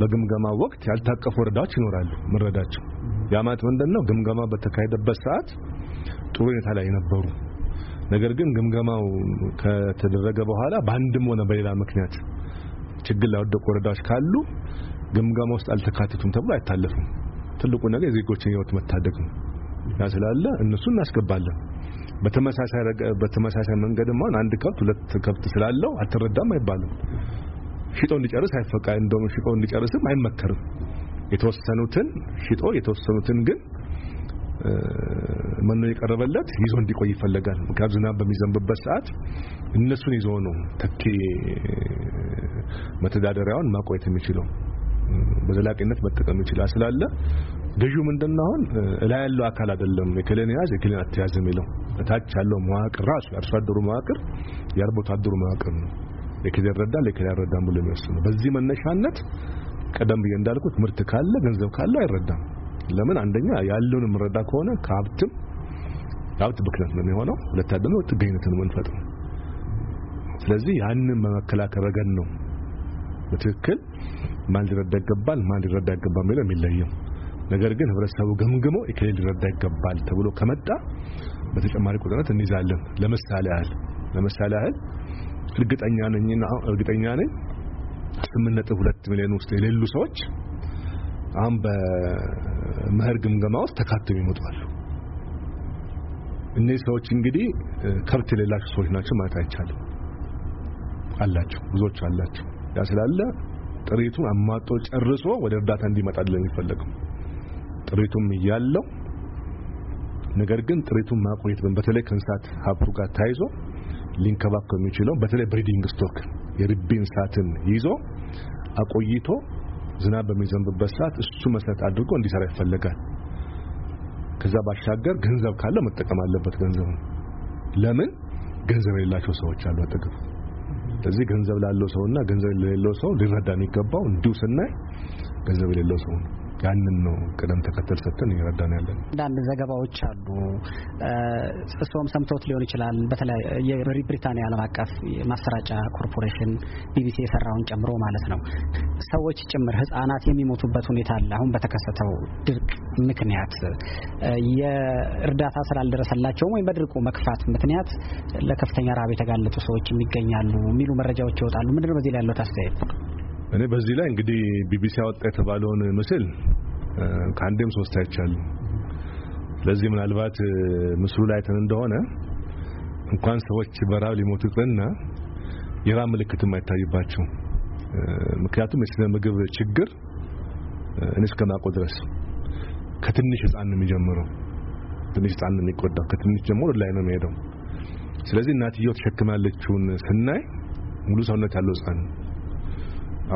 በግምገማ ወቅት ያልታቀፉ ወረዳዎች ይኖራሉ። ምረዳቸው ያ ማለት ምንድን ነው? ግምገማ በተካሄደበት ሰዓት ጥሩ ሁኔታ ላይ የነበሩ ነገር ግን ግምገማው ከተደረገ በኋላ በአንድም ሆነ በሌላ ምክንያት ችግር ላይ ወደቁ ወረዳዎች ካሉ ግምገማ ውስጥ አልተካተቱም ተብሎ አይታለፍም። ትልቁ ነገር የዜጎችን ህይወት መታደግ ነው። ያ ስላለ እነሱ እናስገባለን። በተመሳሳይ መንገድም አሁን አንድ ከብት ሁለት ከብት ስላለው አትረዳም አይባልም። ሽጦ እንዲጨርስ አይፈቃ እንደውም ሽጦ እንዲጨርስም አይመከርም። የተወሰኑትን ሽጦ የተወሰኑትን ግን መኖ የቀረበለት ይዞ እንዲቆይ ይፈለጋል። ምክንያቱም ዝናብ በሚዘንብበት ሰዓት እነሱን ይዞ ነው ተኪ መተዳደሪያውን ማቆየት የሚችለው በዘላቂነት መጠቀም ይችላል ስላለ ገዢው ምንድነው አሁን ላይ ያለው አካል አይደለም የክልን ያዝ የክልን አትያዝ የሚለው እታች ያለው መዋቅር ራሱ የአርሶ አደሩ መዋቅር የአርብቶ አደሩ መዋቅር ነው። የከዛ ይረዳል የከዛ ይረዳም ብሎ በዚህ መነሻነት ቀደም ብዬ እንዳልኩት ምርት ካለ ገንዘብ ካለ አይረዳም። ለምን አንደኛ ያለውን የምንረዳ ከሆነ ከሀብትም ሀብት ብክነት ነው የሚሆነው። ሁለታ ደግሞ ጥገኝነትን የምንፈጥረው። ስለዚህ ያንን በመከላከል ረገድ ነው በትክክል ማን ሊረዳ ይገባል ማን ሊረዳ ይገባል የሚለው የሚለየው። ነገር ግን ህብረተሰቡ ገምግሞ እከሌ ሊረዳ ይገባል ተብሎ ከመጣ በተጨማሪ ቁጥነት እንይዛለን። ለምሳሌ ያህል ለምሳሌ ያህል እርግጠኛ ነኝና እርግጠኛ ነኝ 8.2 ሚሊዮን ውስጥ የሌሉ ሰዎች አሁን በመኸር ግምገማ ውስጥ ተካተው ይመጣሉ። እነዚህ ሰዎች እንግዲህ ከብት የሌላቸው ሰዎች ናቸው ማለት አይቻልም። አላቸው፣ ብዙዎች አላቸው። ያ ስላለ ጥሪቱን አማጦ ጨርሶ ወደ እርዳታ እንዲመጣ የሚፈለገው ጥሪቱም እያለው ነገር ግን ጥሪቱን ማቆየት በተለይ ከእንስሳት ሀብቱ ጋር ታይዞ ሊንከባከብ የሚችለው በተለይ ብሪዲንግ ስቶክ የርቢ እንስሳትን ይዞ አቆይቶ ዝናብ በሚዘንብበት ሰዓት እሱ መሰረት አድርጎ እንዲሰራ ይፈለጋል። ከዛ ባሻገር ገንዘብ ካለው መጠቀም አለበት። ገንዘብ ለምን ገንዘብ የሌላቸው ሰዎች አሉ አጠገብ። ስለዚህ ገንዘብ ላለው ሰውና ገንዘብ ለሌለው ሰው ሊረዳ የሚገባው እንዲሁ ስናይ ገንዘብ የሌለው ሰው ነው። ያንን ነው ቅደም ተከተል ሰጥተን እየረዳን ያለን። አንዳንድ ዘገባዎች አሉ፣ እርስዎም ሰምቶት ሊሆን ይችላል። በተለይ የብሪታንያ ዓለም አቀፍ ማሰራጫ ኮርፖሬሽን ቢቢሲ የሰራውን ጨምሮ ማለት ነው ሰዎች ጭምር ህጻናት የሚሞቱበት ሁኔታ አለ። አሁን በተከሰተው ድርቅ ምክንያት የእርዳታ ስላልደረሰላቸውም ወይም በድርቁ መክፋት ምክንያት ለከፍተኛ ረሃብ የተጋለጡ ሰዎች ይገኛሉ የሚሉ መረጃዎች ይወጣሉ። ምንድነው በዚህ ላይ ያለው አስተያየት? እኔ በዚህ ላይ እንግዲህ ቢቢሲ አወጣ የተባለውን ምስል ከአንዴም ሶስት አይቻለሁ። ስለዚህ ምናልባት ምስሉ ላይ ተን እንደሆነ እንኳን ሰዎች በራብ ሊሞቱ ይቅርና የራብ ምልክትም አይታይባቸው። ምክንያቱም የስነ ምግብ ችግር እኔ እስከማውቀው ድረስ ከትንሽ ህፃን ነው የሚጀምረው። ትንሽ ህፃን ነው የሚቆዳው። ከትንሽ ጀምሮ ላይ ነው የሚሄደው። ስለዚህ እናትየው ተሸክማለችውን ስናይ ሙሉ ሰውነት ያለው ህፃን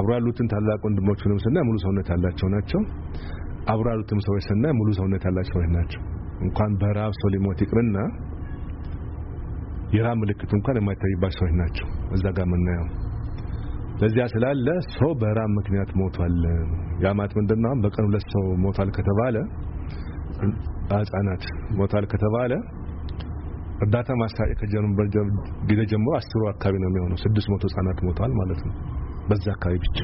አብሮ ያሉትን ታላቅ ወንድሞቹንም ስናይ ሙሉ ሰውነት ያላቸው ናቸው። አብሮ ያሉትም ሰዎች ስናይ ሙሉ ሰውነት ያላቸው ሰዎች ናቸው። እንኳን በረሃብ ሰው ሊሞት ይቅርና የራብ ምልክት እንኳን የማይታይባቸው ሰዎች ናቸው። እዛ ጋር የምናየው ለዚያ ስላለ ሰው በራ ምክንያት ሞቷል። ያ ማለት ምንድነው? በቀን ሁለት ሰው ሞቷል ከተባለ ህጻናት ሞቷል ከተባለ እርዳታ ማስታወቂያ ከጀመረበት ጊዜ ጀምሮ አስሩ አካባቢ ነው የሚሆነው። ስድስት መቶ ህጻናት ሞቷል ማለት ነው። በዛ አካባቢ ብቻ።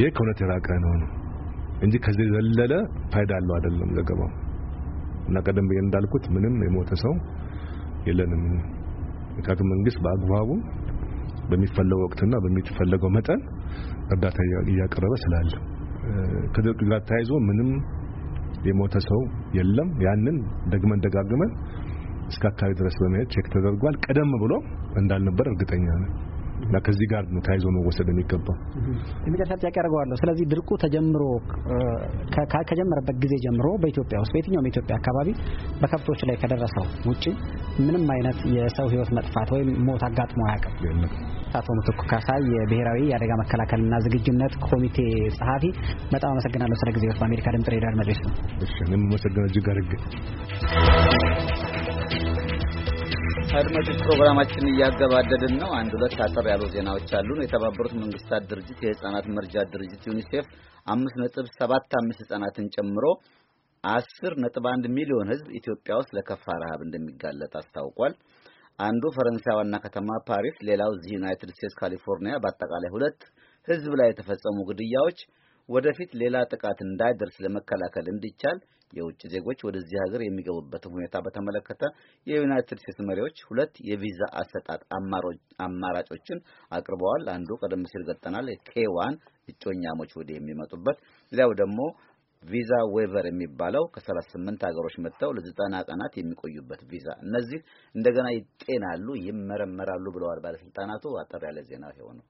ይህ ከእውነት የራቀ ነው እንጂ ከዚህ ዘለለ ፋይዳ አለው አይደለም ዘገባው። እና ቀደም ብዬ እንዳልኩት ምንም የሞተ ሰው የለንም። ምክንያቱም መንግስት በአግባቡ በሚፈለገው ወቅትና በሚፈለገው መጠን እርዳታ እያቀረበ ስላለ ከድርቅ ጋር ተያይዞ ምንም የሞተ ሰው የለም። ያንን ደግመን ደጋግመን እስከ አካባቢ ድረስ በመሄድ ቼክ ተደርጓል። ቀደም ብሎ እንዳልነበር እርግጠኛ ነኝ። እና ከዚህ ጋር ነው ተያይዞ መወሰድ የሚገባው። የመጨረሻ ጥያቄ አደርገዋለሁ። ስለዚህ ድርቁ ተጀምሮ ከጀመረበት ጊዜ ጀምሮ በኢትዮጵያ ውስጥ በየትኛውም የኢትዮጵያ አካባቢ በከብቶች ላይ ከደረሰው ውጭ ምንም አይነት የሰው ሕይወት መጥፋት ወይም ሞት አጋጥሞ አያውቅም። አቶ ምትኩ ካሳይ የብሔራዊ የአደጋ መከላከልና ዝግጁነት ኮሚቴ ጸሐፊ፣ በጣም አመሰግናለሁ ስለ ጊዜዎት። በአሜሪካ ድምጽ ሬዲዮ አድማጮች ነው እሺ። እኔም አመሰግናለሁ እጅግ አድርጌ አድማጮች ፕሮግራማችንን እያገባደድን ነው። አንድ ሁለት አጠር ያሉ ዜናዎች አሉን። የተባበሩት መንግስታት ድርጅት የህፃናት መርጃ ድርጅት ዩኒሴፍ አምስት ነጥብ ሰባት አምስት ህጻናትን ጨምሮ አስር ነጥብ አንድ ሚሊዮን ህዝብ ኢትዮጵያ ውስጥ ለከፋ ረሃብ እንደሚጋለጥ አስታውቋል። አንዱ ፈረንሳይ ዋና ከተማ ፓሪስ፣ ሌላው እዚህ ዩናይትድ ስቴትስ ካሊፎርኒያ፣ በአጠቃላይ ሁለት ህዝብ ላይ የተፈጸሙ ግድያዎች ወደፊት ሌላ ጥቃት እንዳይደርስ ለመከላከል እንዲቻል የውጭ ዜጎች ወደዚህ ሀገር የሚገቡበትን ሁኔታ በተመለከተ የዩናይትድ ስቴትስ መሪዎች ሁለት የቪዛ አሰጣጥ አማራጮችን አቅርበዋል። አንዱ ቀደም ሲል ገጠናል፣ ኬዋን እጮኛሞች ወደ የሚመጡበት ሌላው ደግሞ ቪዛ ዌቨር የሚባለው ከ38 ሀገሮች መጥተው ለዘጠና ቀናት የሚቆዩበት ቪዛ። እነዚህ እንደገና ይጤናሉ፣ ይመረመራሉ ብለዋል ባለስልጣናቱ። አጠር ያለ ዜና የሆነው